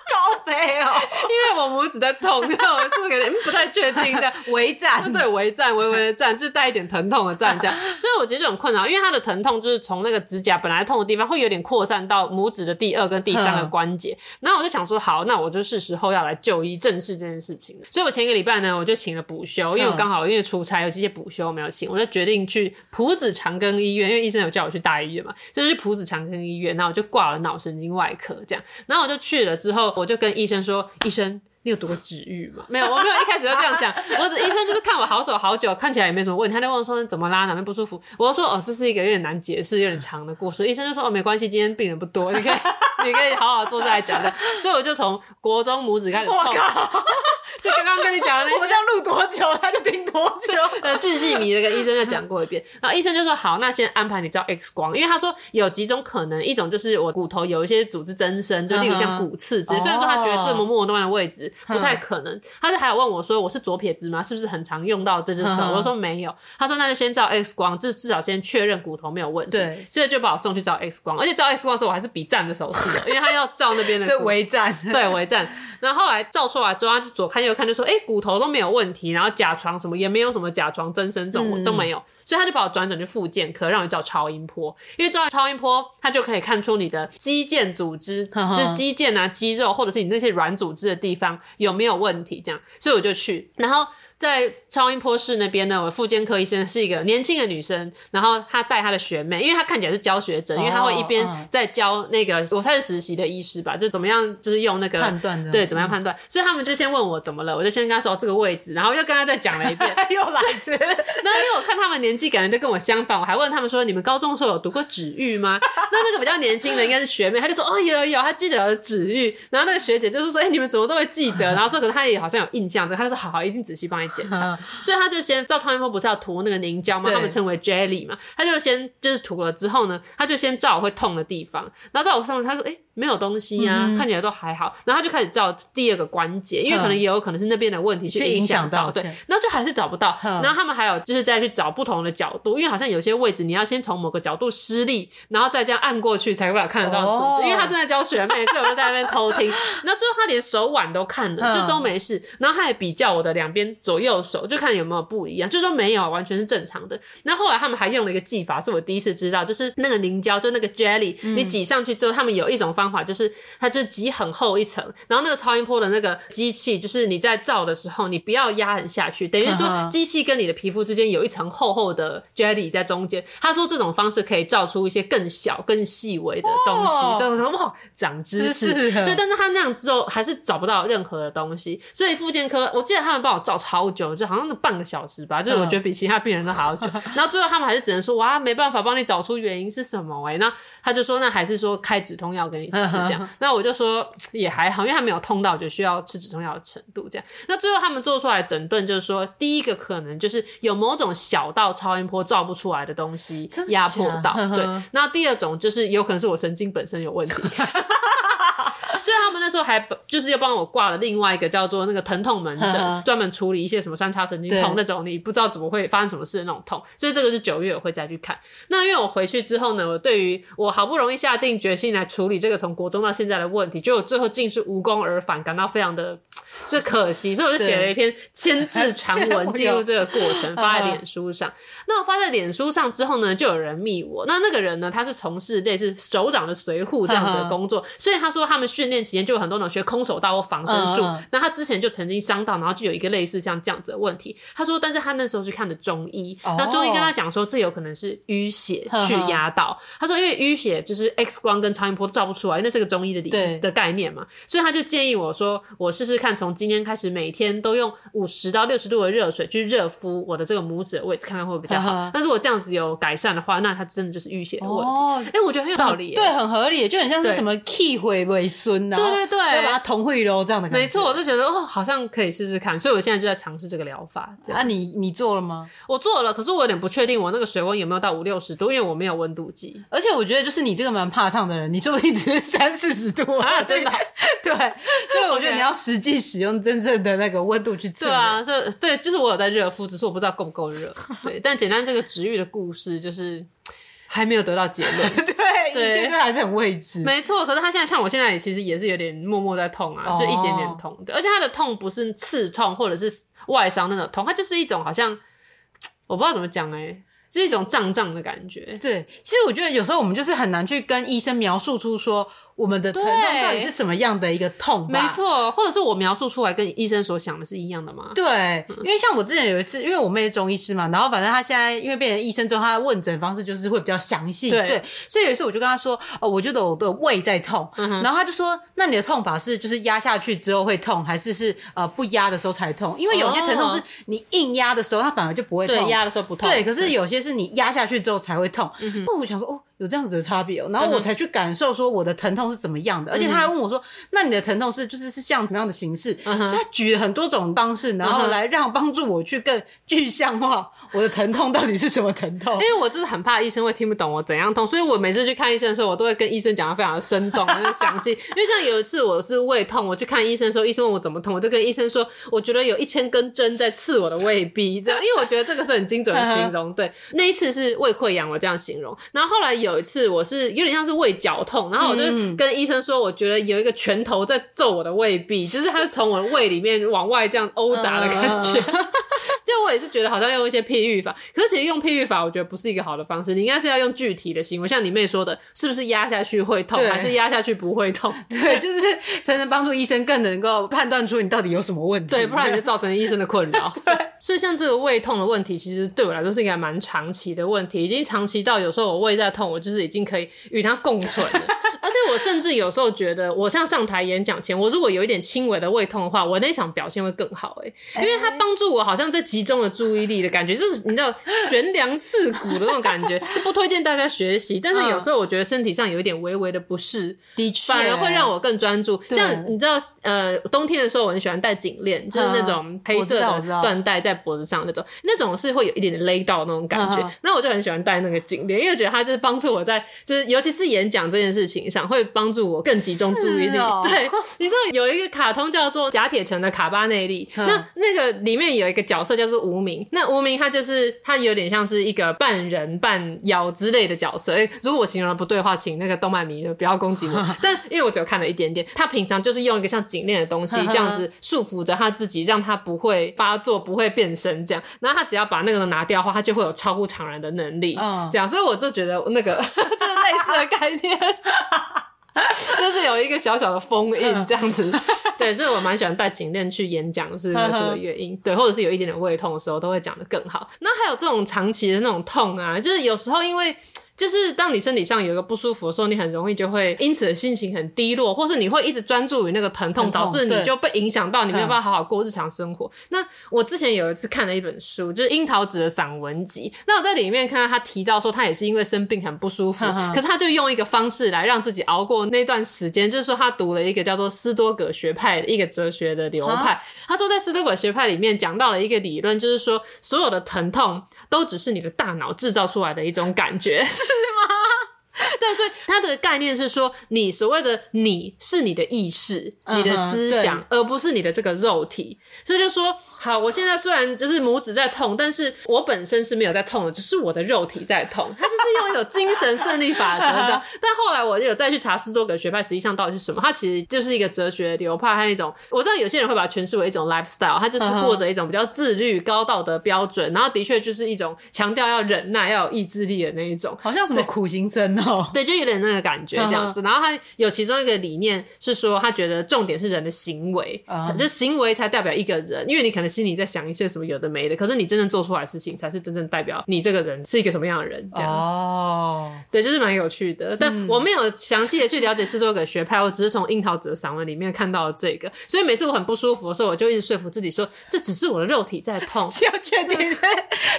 高飛哦，因為我拇指在痛，然後這個有點不太確定的微讚， 對，微讚，微微的讚，就帶一點疼痛的讚這樣。 所以我覺得這種困擾，因為他的疼痛就是從那個指甲本來痛的地方，會有點擴散到拇指的第二跟第三個關節。 然後我就想說，好，那我就是時候要來就醫正視這件事情了。所以我前一個禮拜呢，我就請了補休，因為我剛好因為出差有這些補休我沒有請，我就決定去普子長庚醫院，因為醫生有叫我去大醫院嘛，就是去普子長庚醫院，然後我就掛了腦神經外科這樣，然後我就去了之後，我就跟醫生說：“ 醫生，你有讀過指喻嗎？”沒有，我沒有一開始就這樣講。我只醫生就是看我好手好腳，看起來也沒什麼問題，他就問我說：“怎麼啦？哪邊不舒服？”我就說：“哦，這是一個有點難解釋、有點長的故事。”醫生就說：“哦，沒關係，今天病人不多，你可以你可以好好坐下來講。”所以我就從國中拇指開始痛。Oh 剛 剛跟你講的那些 我這樣錄多久，他就聽。呃、 嗯，鉅細靡遺地跟醫生再講過一遍， 然後醫生就說好，那先安排你照 X 光，因為他說有幾種可能，一種就是我骨頭有一些組織增生，嗯嗯，就例如像骨刺之類，之雖然說他覺得這麼末端的位置不太可能，他，嗯、就還有問我說我是左撇子嗎？是不是很常用到這隻手？嗯、我說沒有。他說那就先照 X 光，至至少先確認骨頭沒有問題。對，所以就把我送去照 X 光，而且照 X 光的時候我還是比讚的手勢， 因為他要照那邊的微對，微讚，對微讚。然後後來照出來之後，就左看右看，就說哎、欸、骨頭都沒有問題，然後甲床什麼樣。也沒有什麼假裝增生這種、嗯、我都沒有，所以他就把我轉診去復健科，讓我照超音波，因為照超音波，他就可以看出你的肌腱組織，呵呵就是肌腱啊、肌肉，或者是你那些軟組織的地方有沒有問題，這樣，所以我就去，然後。在超音波室那邊呢，我婦產科醫生是一個年輕的女生，然後她帶她的學妹，因為她看起來是教學者，因為她會一邊在教那個，我算是實習的醫師吧，就怎麼樣，就是用那個判斷的，對，怎麼樣判斷、嗯，所以他們就先問我怎麼了，我就先跟她說這個位置，然後又跟她再講了一遍， 又來着。那因為我看他們年紀感覺都跟我相仿，我還問他們說，你們高中的時候有讀過指喻嗎？ 那那個比較年輕的應該是學妹，她就說哦有有有，她記得指喻。然後那個學姐就是說，哎、欸、你們怎麼都會記得？然後說可能她也好像有印象，她就說好好，一定仔細幫你檢查，所以他就先，照超音波不是要塗那個凝膠嗎？他們稱為 jelly 嘛，他就先就是塗了之後呢，他就先照我會痛的地方，然後照上了，他說，誒、欸沒有東西啊、嗯，看起來都還好。然後他就開始照第二個關節、嗯，因為可能也有可能是那邊的問題去影響到，影響到。對，然後就還是找不到。嗯、然後他們還有就是再去找不同的角度、嗯，因為好像有些位置你要先從某個角度施力，然後再這樣按過去才會看得到組織、哦。因為他正在教學妹， 所以我就在那邊偷聽。然後最後他連手腕都看了、嗯，就都沒事。然後他也比較我的兩邊左右手，就看有沒有不一樣，就說沒有，完全是正常的。那後，後來他們還用了一個技法，是我第一次知道，就是那個凝膠，就是、那個 jelly、嗯、你擠上去之後，他們有一種方法。方法就是，它就擠很厚一層，然後那個超音波的那個機器，就是你在照的時候，你不要壓很下去，等於說機器跟你的皮膚之間有一層厚厚的 jelly 在中間。他說這種方式可以照出一些更小、更細微的東西。哦、哇，長知識。是是是對，但是他那樣之後還是找不到任何的東西，所以復健科，我記得他們幫我照超久，就好像那半個小時吧，就是我覺得比其他病人都還要久。然後最後他們還是只能說，哇，沒辦法幫你找出原因是什麼哎、欸。那他就說，那還是說開止痛藥給你。是這樣，那我就說也還好，因為還沒有痛到就需要吃止痛藥的程度。這樣，那最後他們做出來整頓，就是說，第一個可能就是有某種小到超音波照不出來的東西壓迫到，對呵呵。那第二種就是有可能是我神經本身有問題。 他們那時候還就是又幫我掛了另外一個叫做那個疼痛門診，專門處理一些什麼三叉神經痛那種，你不知道怎麼會發生什麼事的那種痛。所以這個是九月我會再去看。那因為我回去之後呢，我對於我好不容易下定決心來處理這個從國中到現在的問題，結果最後竟是無功而返，感到非常的。這可惜，所以我就寫了一篇千字長文記錄這個過程， uh -huh. 發在臉書上。那我發在臉書上之後呢，就有人密我。那那個人呢，他是從事類似首長的隨扈這樣子的工作，uh -huh. 所以他說他們訓練期間就有很多人學空手道或防身術。Uh -huh. 那他之前就曾經傷到，然後就有一個類似像這樣子的問題。他說，但是他那時候是看的中醫，uh -huh. 那中醫跟他講說，這有可能是淤血去壓到。Uh -huh. 他說，因為淤血就是 X 光跟超音波都照不出來，那是個中醫的理、uh -huh. 的概念嘛，所以他就建議我說，我試試看。從今天開始，每天都用五十到六十度的熱水去熱敷我的這個拇指的位置，看看會不會比較好、啊。但是我這樣子有改善的話，那它真的就是淤血的問題。哎、哦欸，我覺得很有道理、啊，對，很合理，就很像是什麼氣回為孫吶，對對對，對，要把它同匯咯，這樣的感覺。沒錯，我就覺得哦，好像可以試試看，所以我現在就在嘗試這個療法。那、啊、你你做了嗎？我做了，可是我有點不確定，我那個水溫有沒有到五六十度，因為我沒有溫度計。而且我覺得，就是你這個蠻怕燙的人，你說不定只是不是一直三四十度啊？對吧？對，所 以我覺得你要實際。使用真正的那個溫度去測，對啊，這對就是我有在熱敷，只是我不知道夠不夠熱。對， 但簡單這個指喻的故事就是還沒有得到結論， 對，對，現階段還是很未知。沒錯，可是他現在像我現在也其實也是有點默默在痛啊、哦，就一點點痛。對，而且他的痛不是刺痛或者是外傷那種痛，他就是一種好像我不知道怎麼講哎、欸，是一種脹脹的感覺。對，其實我覺得有時候我們就是很難去跟醫生描述出說。我們的疼痛到底是什麼樣的一個痛？沒錯，或者是我描述出來跟醫生所想的是一樣的嗎？對、嗯，因為像我之前有一次，因為我妹是中醫師嘛，然後反正她現在因為變成醫生之後，她的問診方式就是會比較詳細。對，所以有一次我就跟她說，哦，我覺得我的胃在痛、嗯。然後他就說，那你的痛法是就是壓下去之後會痛，還是是呃不壓的時候才痛？因為有些疼痛是你硬壓的時候，它反而就不會痛。哦、對，壓的時候不痛。對，可是有些是你壓下去之後才會痛。嗯哼，我想說哦。有這樣子的差別，哦，然後我才去感受說我的疼痛是怎麼樣的，嗯、而且他還問我說：“那你的疼痛是就是是像什麼樣的形式？”嗯、所以他舉了很多種方式，然後來讓幫助我去更具象化我的疼痛到底是什麼疼痛。嗯、因為我真的很怕醫生會聽不懂我怎樣痛，所以我每次去看醫生的時候，我都會跟醫生講的非常的生動、就是詳細。 因為像有一次我是胃痛，我去看醫生的時候，醫生問我怎麼痛，我就跟醫生說：“我覺得有一千根針在刺我的胃壁。”這樣，因為我覺得這個是很精準的形容。嗯、對，那一次是胃潰瘍，我這樣形容。然後後來也。有一次，我是有點像是胃絞痛，然後我就跟醫生說，我覺得有一個拳頭在揍我的胃壁，嗯、就是它是從我的胃裡面往外這樣毆打的感覺。嗯 就我也是覺得好像用一些譬喻法，可是其實用譬喻法，我覺得不是一個好的方式。你應該是要用具體的行為，像你妹說的，是不是壓下去會痛，還是壓下去不會痛？對，對對就是，才能幫助醫生更能夠判斷出你到底有什麼問題。對，對不然你就造成醫生的困擾。所以像這個胃痛的問題，其實對我來說是一個蠻長期的問題，已經長期到有時候我胃在痛，我就是已經可以與它共存了。 而且我甚至有時候覺得，我像上台演講前，我如果有一點輕微的胃痛的話，我那一場表現會更好哎、欸，因為它幫助我好像這幾。集中的注意力的感覺，就是你知道懸梁刺股的那種感覺， 就不推薦大家學習。但是有時候我覺得身體上有一點微微的不適，的、嗯、確，反而會讓我更專注。啊、像你知道，呃，冬天的時候我很喜歡戴頸鏈就是那種黑色的緞帶在脖子上那種，那種是會有一點點勒到的那種感覺。那、嗯、我就很喜歡戴那個頸鏈因為我覺得它就是幫助我在，就是尤其是演講這件事情上會幫助我更集中注意力。哦、對，你知道有一個卡通叫做《甲鐵城》的卡巴內利、嗯，那那個裡面有一個角色叫。就是無名，那無名他就是他有點像是一個半人半妖之類的角色。哎，如果我形容的不對的話，請那個動漫迷不要攻擊我。但因為我只有看了一點點，他平常就是用一個像頸鏈的東西這樣子束縛着他自己，讓他不會發作、不會變身這樣。然後他只要把那個拿掉的話，他就會有超乎常人的能力。這樣、嗯，所以我就覺得那個就是類似的概念。 就是有一個小小的封印這樣子，對，所以我蠻喜歡戴頸鏈去演講，是因為這個原因。對，或者是有一點點胃痛的時候，都會講得更好。那還有這種長期的那種痛啊，就是有時候因為。就是當你身體上有一個不舒服的時候，你很容易就會因此的心情很低落，或是你會一直專注於那個疼痛，導致你就被影響到，你沒有辦法好好過日常生活。那我之前有一次看了一本書，就是櫻桃子的散文集。那我在裡面看到他提到說，他也是因為生病很不舒服呵呵，可是他就用一個方式來讓自己熬過那段時間，就是說他讀了一個叫做斯多葛學派的一個哲學的流派。他說在斯多葛學派裡面講到了一個理論，就是說所有的疼痛都只是你的大腦製造出來的一種感覺。是嗎？ 對，所以他的概念是說，你所謂的你是你的意識、uh-huh, 你的思想，而不是你的這個肉體，所以就說。好，我現在雖然就是拇指在痛，但是我本身是沒有在痛的，只、就是我的肉體在痛。他就是用一種精神勝利法則的。 但後來我就有再去查斯多葛學派實際上到底是什麼，他其實就是一個哲學流派，還一種。我知道有些人會把它詮釋為一種 lifestyle，他就是過着一種比較自律、高道德標準，uh -huh. 然後的確就是一種強調要忍耐、要有意志力的那一種。Uh -huh. 好像什麼苦行僧哦，對，就有點那個感覺這樣子。Uh -huh. 然後他有其中一個理念是說，他覺得重點是人的行為，這、uh -huh. 行為才代表一個人，因為你可能。心裡在想一些什麼有的沒的，可是你真正做出來的事情，才是真正代表你這個人是一個什麼樣的人這樣。哦，oh. 對，就是蠻有趣的，嗯。但我沒有詳細的去了解斯多噶學派， 我只是從櫻桃子的散文裡面看到了這個。所以每次我很不舒服的時候，我就一直說服自己說，這只是我的肉體在痛。要確定，嗯，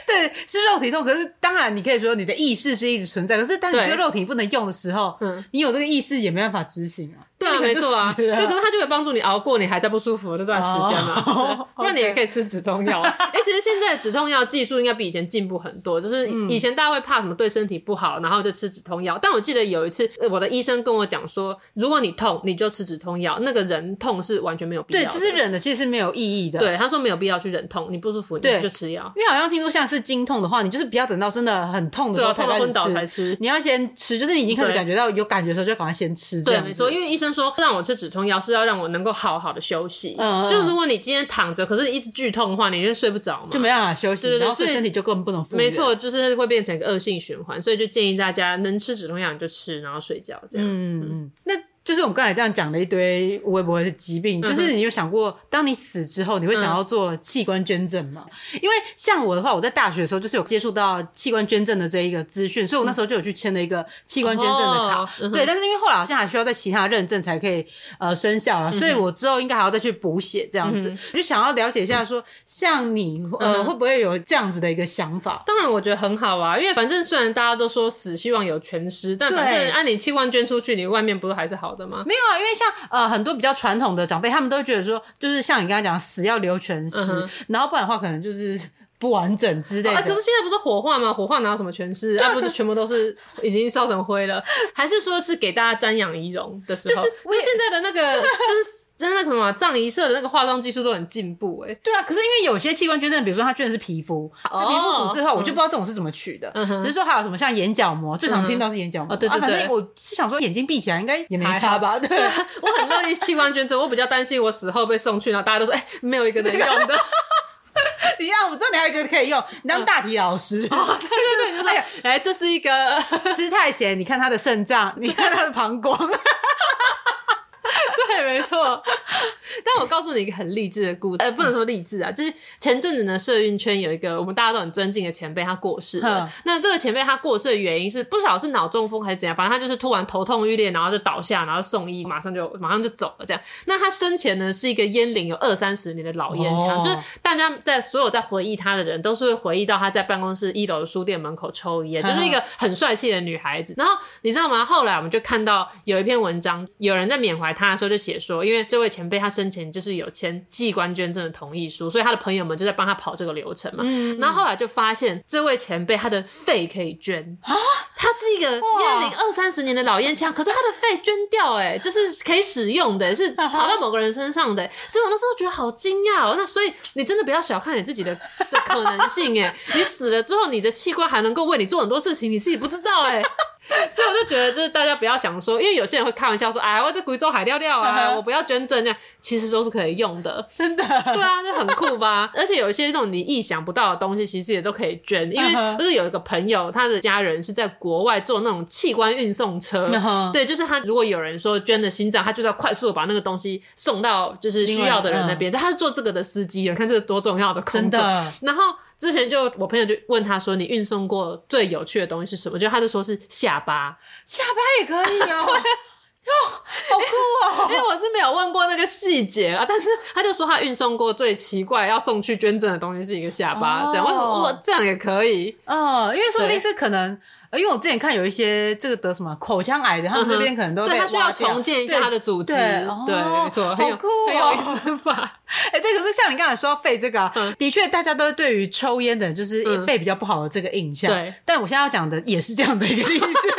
對，是肉體痛。可是當然，你可以說你的意識是一直存在，可是當你這個肉體不能用的時候，你有這個意識也沒辦法執行啊。對啊，沒錯啊，對，可是它就會幫助你熬過你還在不舒服的這段時間嘛、啊，oh, 對，然、okay. 你也可以吃止痛藥、啊。哎，其實現在止痛藥技術應該比以前進步很多，就是以前大家會怕什麼對身體不好，然後就吃止痛藥。但我記得有一次我的醫生跟我講說，如果你痛，你就吃止痛藥。那個忍痛是完全沒有必要的，對，就是忍的其實是沒有意義的。對，他說沒有必要去忍痛，你不舒服你就吃藥，因為好像聽說現在是經痛的話，你就是不要等到真的很痛的時候，對痛到昏倒才吃，你要先吃，就是你已經開始感覺到有感覺的時候就要趕快先吃這樣。對，沒錯，因為醫生。就是、說讓我吃止痛藥，是要讓我能夠好好的休息。嗯，嗯，就如果你今天躺着，可是你一直劇痛的話，你就睡不着嘛，就沒辦法休息，對對對，然後身體就更不能復。沒錯，就是會變成一個惡性循環，所以就建議大家能吃止痛藥你就吃，然後睡覺這樣。嗯嗯嗯。那。就是我們剛才這樣講了一堆微博的疾病，嗯，就是你有想過，當你死之後，你會想要做器官捐贈嗎？嗯，因為像我的話，我在大學的時候就是有接觸到器官捐贈的這一個資訊，嗯，所以我那時候就有去簽了一個器官捐贈的卡，哦嗯。對，但是因為後來好像還需要在其他認證才可以呃生效了，嗯，所以我之後應該還要再去補寫這樣子。我、嗯、就想要了解一下說，說像你呃、嗯、會不會有這樣子的一個想法？當然我覺得很好啊，因為反正雖然大家都說死希望有全屍，但反正按你器官捐出去，你外面不是還是好的。沒有啊，因為像呃很多比較傳統的長輩，他們都覺得說，就是像你剛剛講，死要留全屍、嗯，然後不然的話可能就是不完整之類的。哦啊、可是現在不是火化嗎？火化哪有什麼全屍啊，啊，啊？不是全部都是已經燒成灰了？還是說是給大家瞻仰遺容的時候？就是，我是現在的那個真、 就是真的什麼，葬儀社的那個化妝技術都很進步誒、欸、對啊，可是因為有些器官捐贈，比如說他捐的是皮膚，皮膚組織的話，我就不知道這種是怎麼取的。哦嗯、只是說還有什麼像眼角膜，嗯、最常聽到是眼角膜。嗯啊、哦，對對對，反正我是想說眼睛閉起來應該也沒差吧？對，啊、對，我很樂意 器官捐贈，我比較擔心我死後被送去，然後大家都說哎、欸，沒有一個能用的。 你要我知道你還有一個可以用，你當大體老師。嗯、哦，對對對，你、就、說、是哎、這是一個吃 太鹹，你看他的腎臟，你看他的膀胱。 對，沒錯。但我告訴你一個很勵志的故事， 呃，不能說勵志啊，就是前陣子呢，社運圈有一個我們大家都很尊敬的前輩，他過世了。那這個前輩他過世的原因是，不曉得是腦中風還是怎樣，反正他就是突然頭痛欲裂，然後就倒下，然後送醫，馬上就馬上就走了。這樣。那他生前呢，是一個菸齡有二三十年的老菸槍、哦，就是大家在所有在回憶他的人，都是會回憶到他在辦公室一樓的書店門口抽菸，就是一個很帥氣的女孩子。然後你知道嗎？後來我們就看到有一篇文章，有人在緬懷。他的時候就寫說，因為這位前輩他生前就是有簽器官捐贈的同意書，所以他的朋友們就在幫他跑這個流程嘛。嗯，然後後來就發現這位前輩他的肺可以捐啊，他是一個煙齡二三十年的老煙槍，可是他的肺捐掉哎、欸，就是可以使用的、欸，是跑到某個人身上的、欸。所以我那時候覺得好驚訝哦，那所以你真的不要小看你自己的的可能性哎、欸，你死了之後你的器官還能夠為你做很多事情，你自己不知道哎、欸。 所以我就覺得，就是大家不要想說，因為有些人會開玩笑說，哎，我在貴州海尿尿啊，uh -huh. 我不要捐贈那樣，其實都是可以用的， 真的。對啊，就很酷吧。 而且有一些那種你意想不到的東西，其實也都可以捐，因為就是有一個朋友，他的家人是在國外做那種器官運送車，uh -huh. 對，就是他如果有人說捐了心臟，他就是要快速的把那個東西送到就是需要的人那邊，uh -huh. 但他是做這個的司機的，看這個多重要的，真的。然後。之前就我朋友就問他說：“你運送過最有趣的東西是什麼？”就他就說：“是下巴，下巴也可以、喔、 哦。”喲，好酷哦、喔！因為我是沒有問過那個細節啊，但是他就說他運送過最奇怪要送去捐贈的東西是一個下巴，哦、這樣為什麼？我，我這樣也可以哦，因為說不定是可能。呃，因為我之前看有一些這個得什麼、啊、口腔癌的，他們這邊可能都、啊嗯、對他需要重建一下他的組織，對，對哦、對沒錯，好酷、哦很意欸，對，有思吧。哎，這個是像你剛才說肺這個、啊嗯，的確大家都是對於抽煙的，就是肺比較不好的這個印象，嗯、對，但我現在要講的也是這樣的一個印象。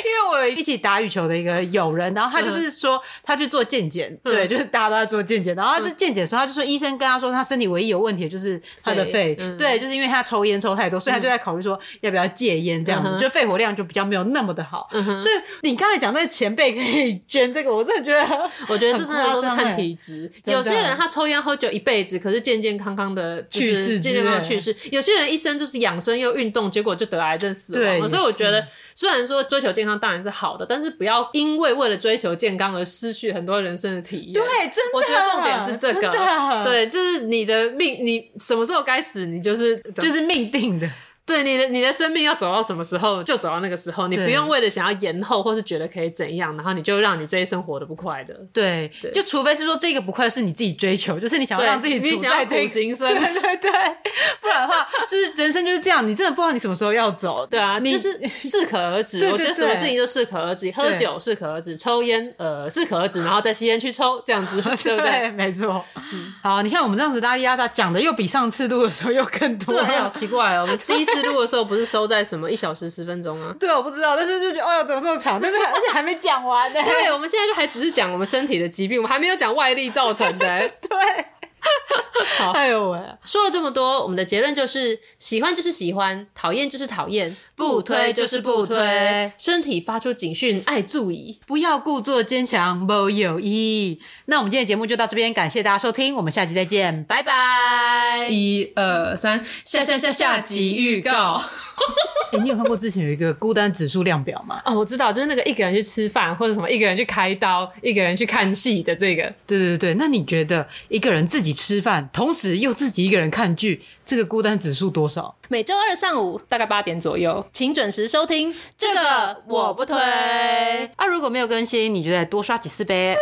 因為我有一起打羽球的一個友人，然後他就是說他去做健檢、嗯，對，就是大家都在做健檢。然後他在健檢的時候、嗯，他就說醫生跟他說，他身體唯一有問題的就是他的肺，對，對嗯、對就是因為他抽煙抽太多，所以他就在考慮說要不要戒煙這樣子、嗯，就肺活量就比較沒有那麼的好。嗯、所以你剛才講那個前輩可以捐這個，我真的覺得，我覺得這真的是看體質。有些人他抽煙喝酒一輩子，可是健健康康的、就是、去世，健健康康去世；有些人一生就是養生又運動，結果就得癌症死亡。對。所以我覺得。雖然說追求健康當然是好的，但是不要因為為了追求健康而失去很多人生的體驗。對，真的，我覺得重點是這個。對，就是你的命，你什麼時候該死，你就是就是命定的。對，你的你的生命要走到什麼時候就走到那個時候，你不用為了想要延後或是覺得可以怎樣，然後你就讓你這一生活得不快的。對，對就除非是說這個不快是你自己追求，就是你想要讓自己處在、這個、苦行僧。對對對， 不然的話，就是人生就是這樣，你真的不知道你什麼時候要走。對啊，你就是適可而止，對對對，我覺得什麼事情都適可而止，對對對喝酒適可而止，抽菸呃適可而止，然後再吸菸去抽，這樣子、啊、對，對不對？對沒錯、嗯。好，你看我們這樣子拉拉雜，講的又比上次錄的時候又更多，對，很好奇怪哦，我們第一次。錄的時候不是收在什麼一小時十分鐘啊？對，我不知道，但是就覺得，哎、哦、呦，怎麼這麼長？但是還 而且還沒講完呢。對，我們現在就還只是講我們身體的疾病，我們還沒有講外力造成的。 對， 好哎呦喂、啊！說了這麼多，我們的結論就是：喜歡就是喜歡，討厭就是討厭。不推就是不推，身體發出警訊，愛注意，不要故作堅強，沒意義。那我們今天的節目就到這邊，感謝大家收聽，我們下集再見，拜拜。一二三，下下下下集預告、 欸。你有看過之前有一個孤單指數量表嗎？啊、哦，我知道，就是那個一個人去吃飯或者什麼，一個人去開刀，一個人去看戲的這個。對對對，那你覺得一個人自己吃飯，同時又自己一個人看劇，這個孤單指數多少？每週二上午大概八點左右，請準時收聽。這個我不推啊，如果沒有更新，你就再多刷幾次唄。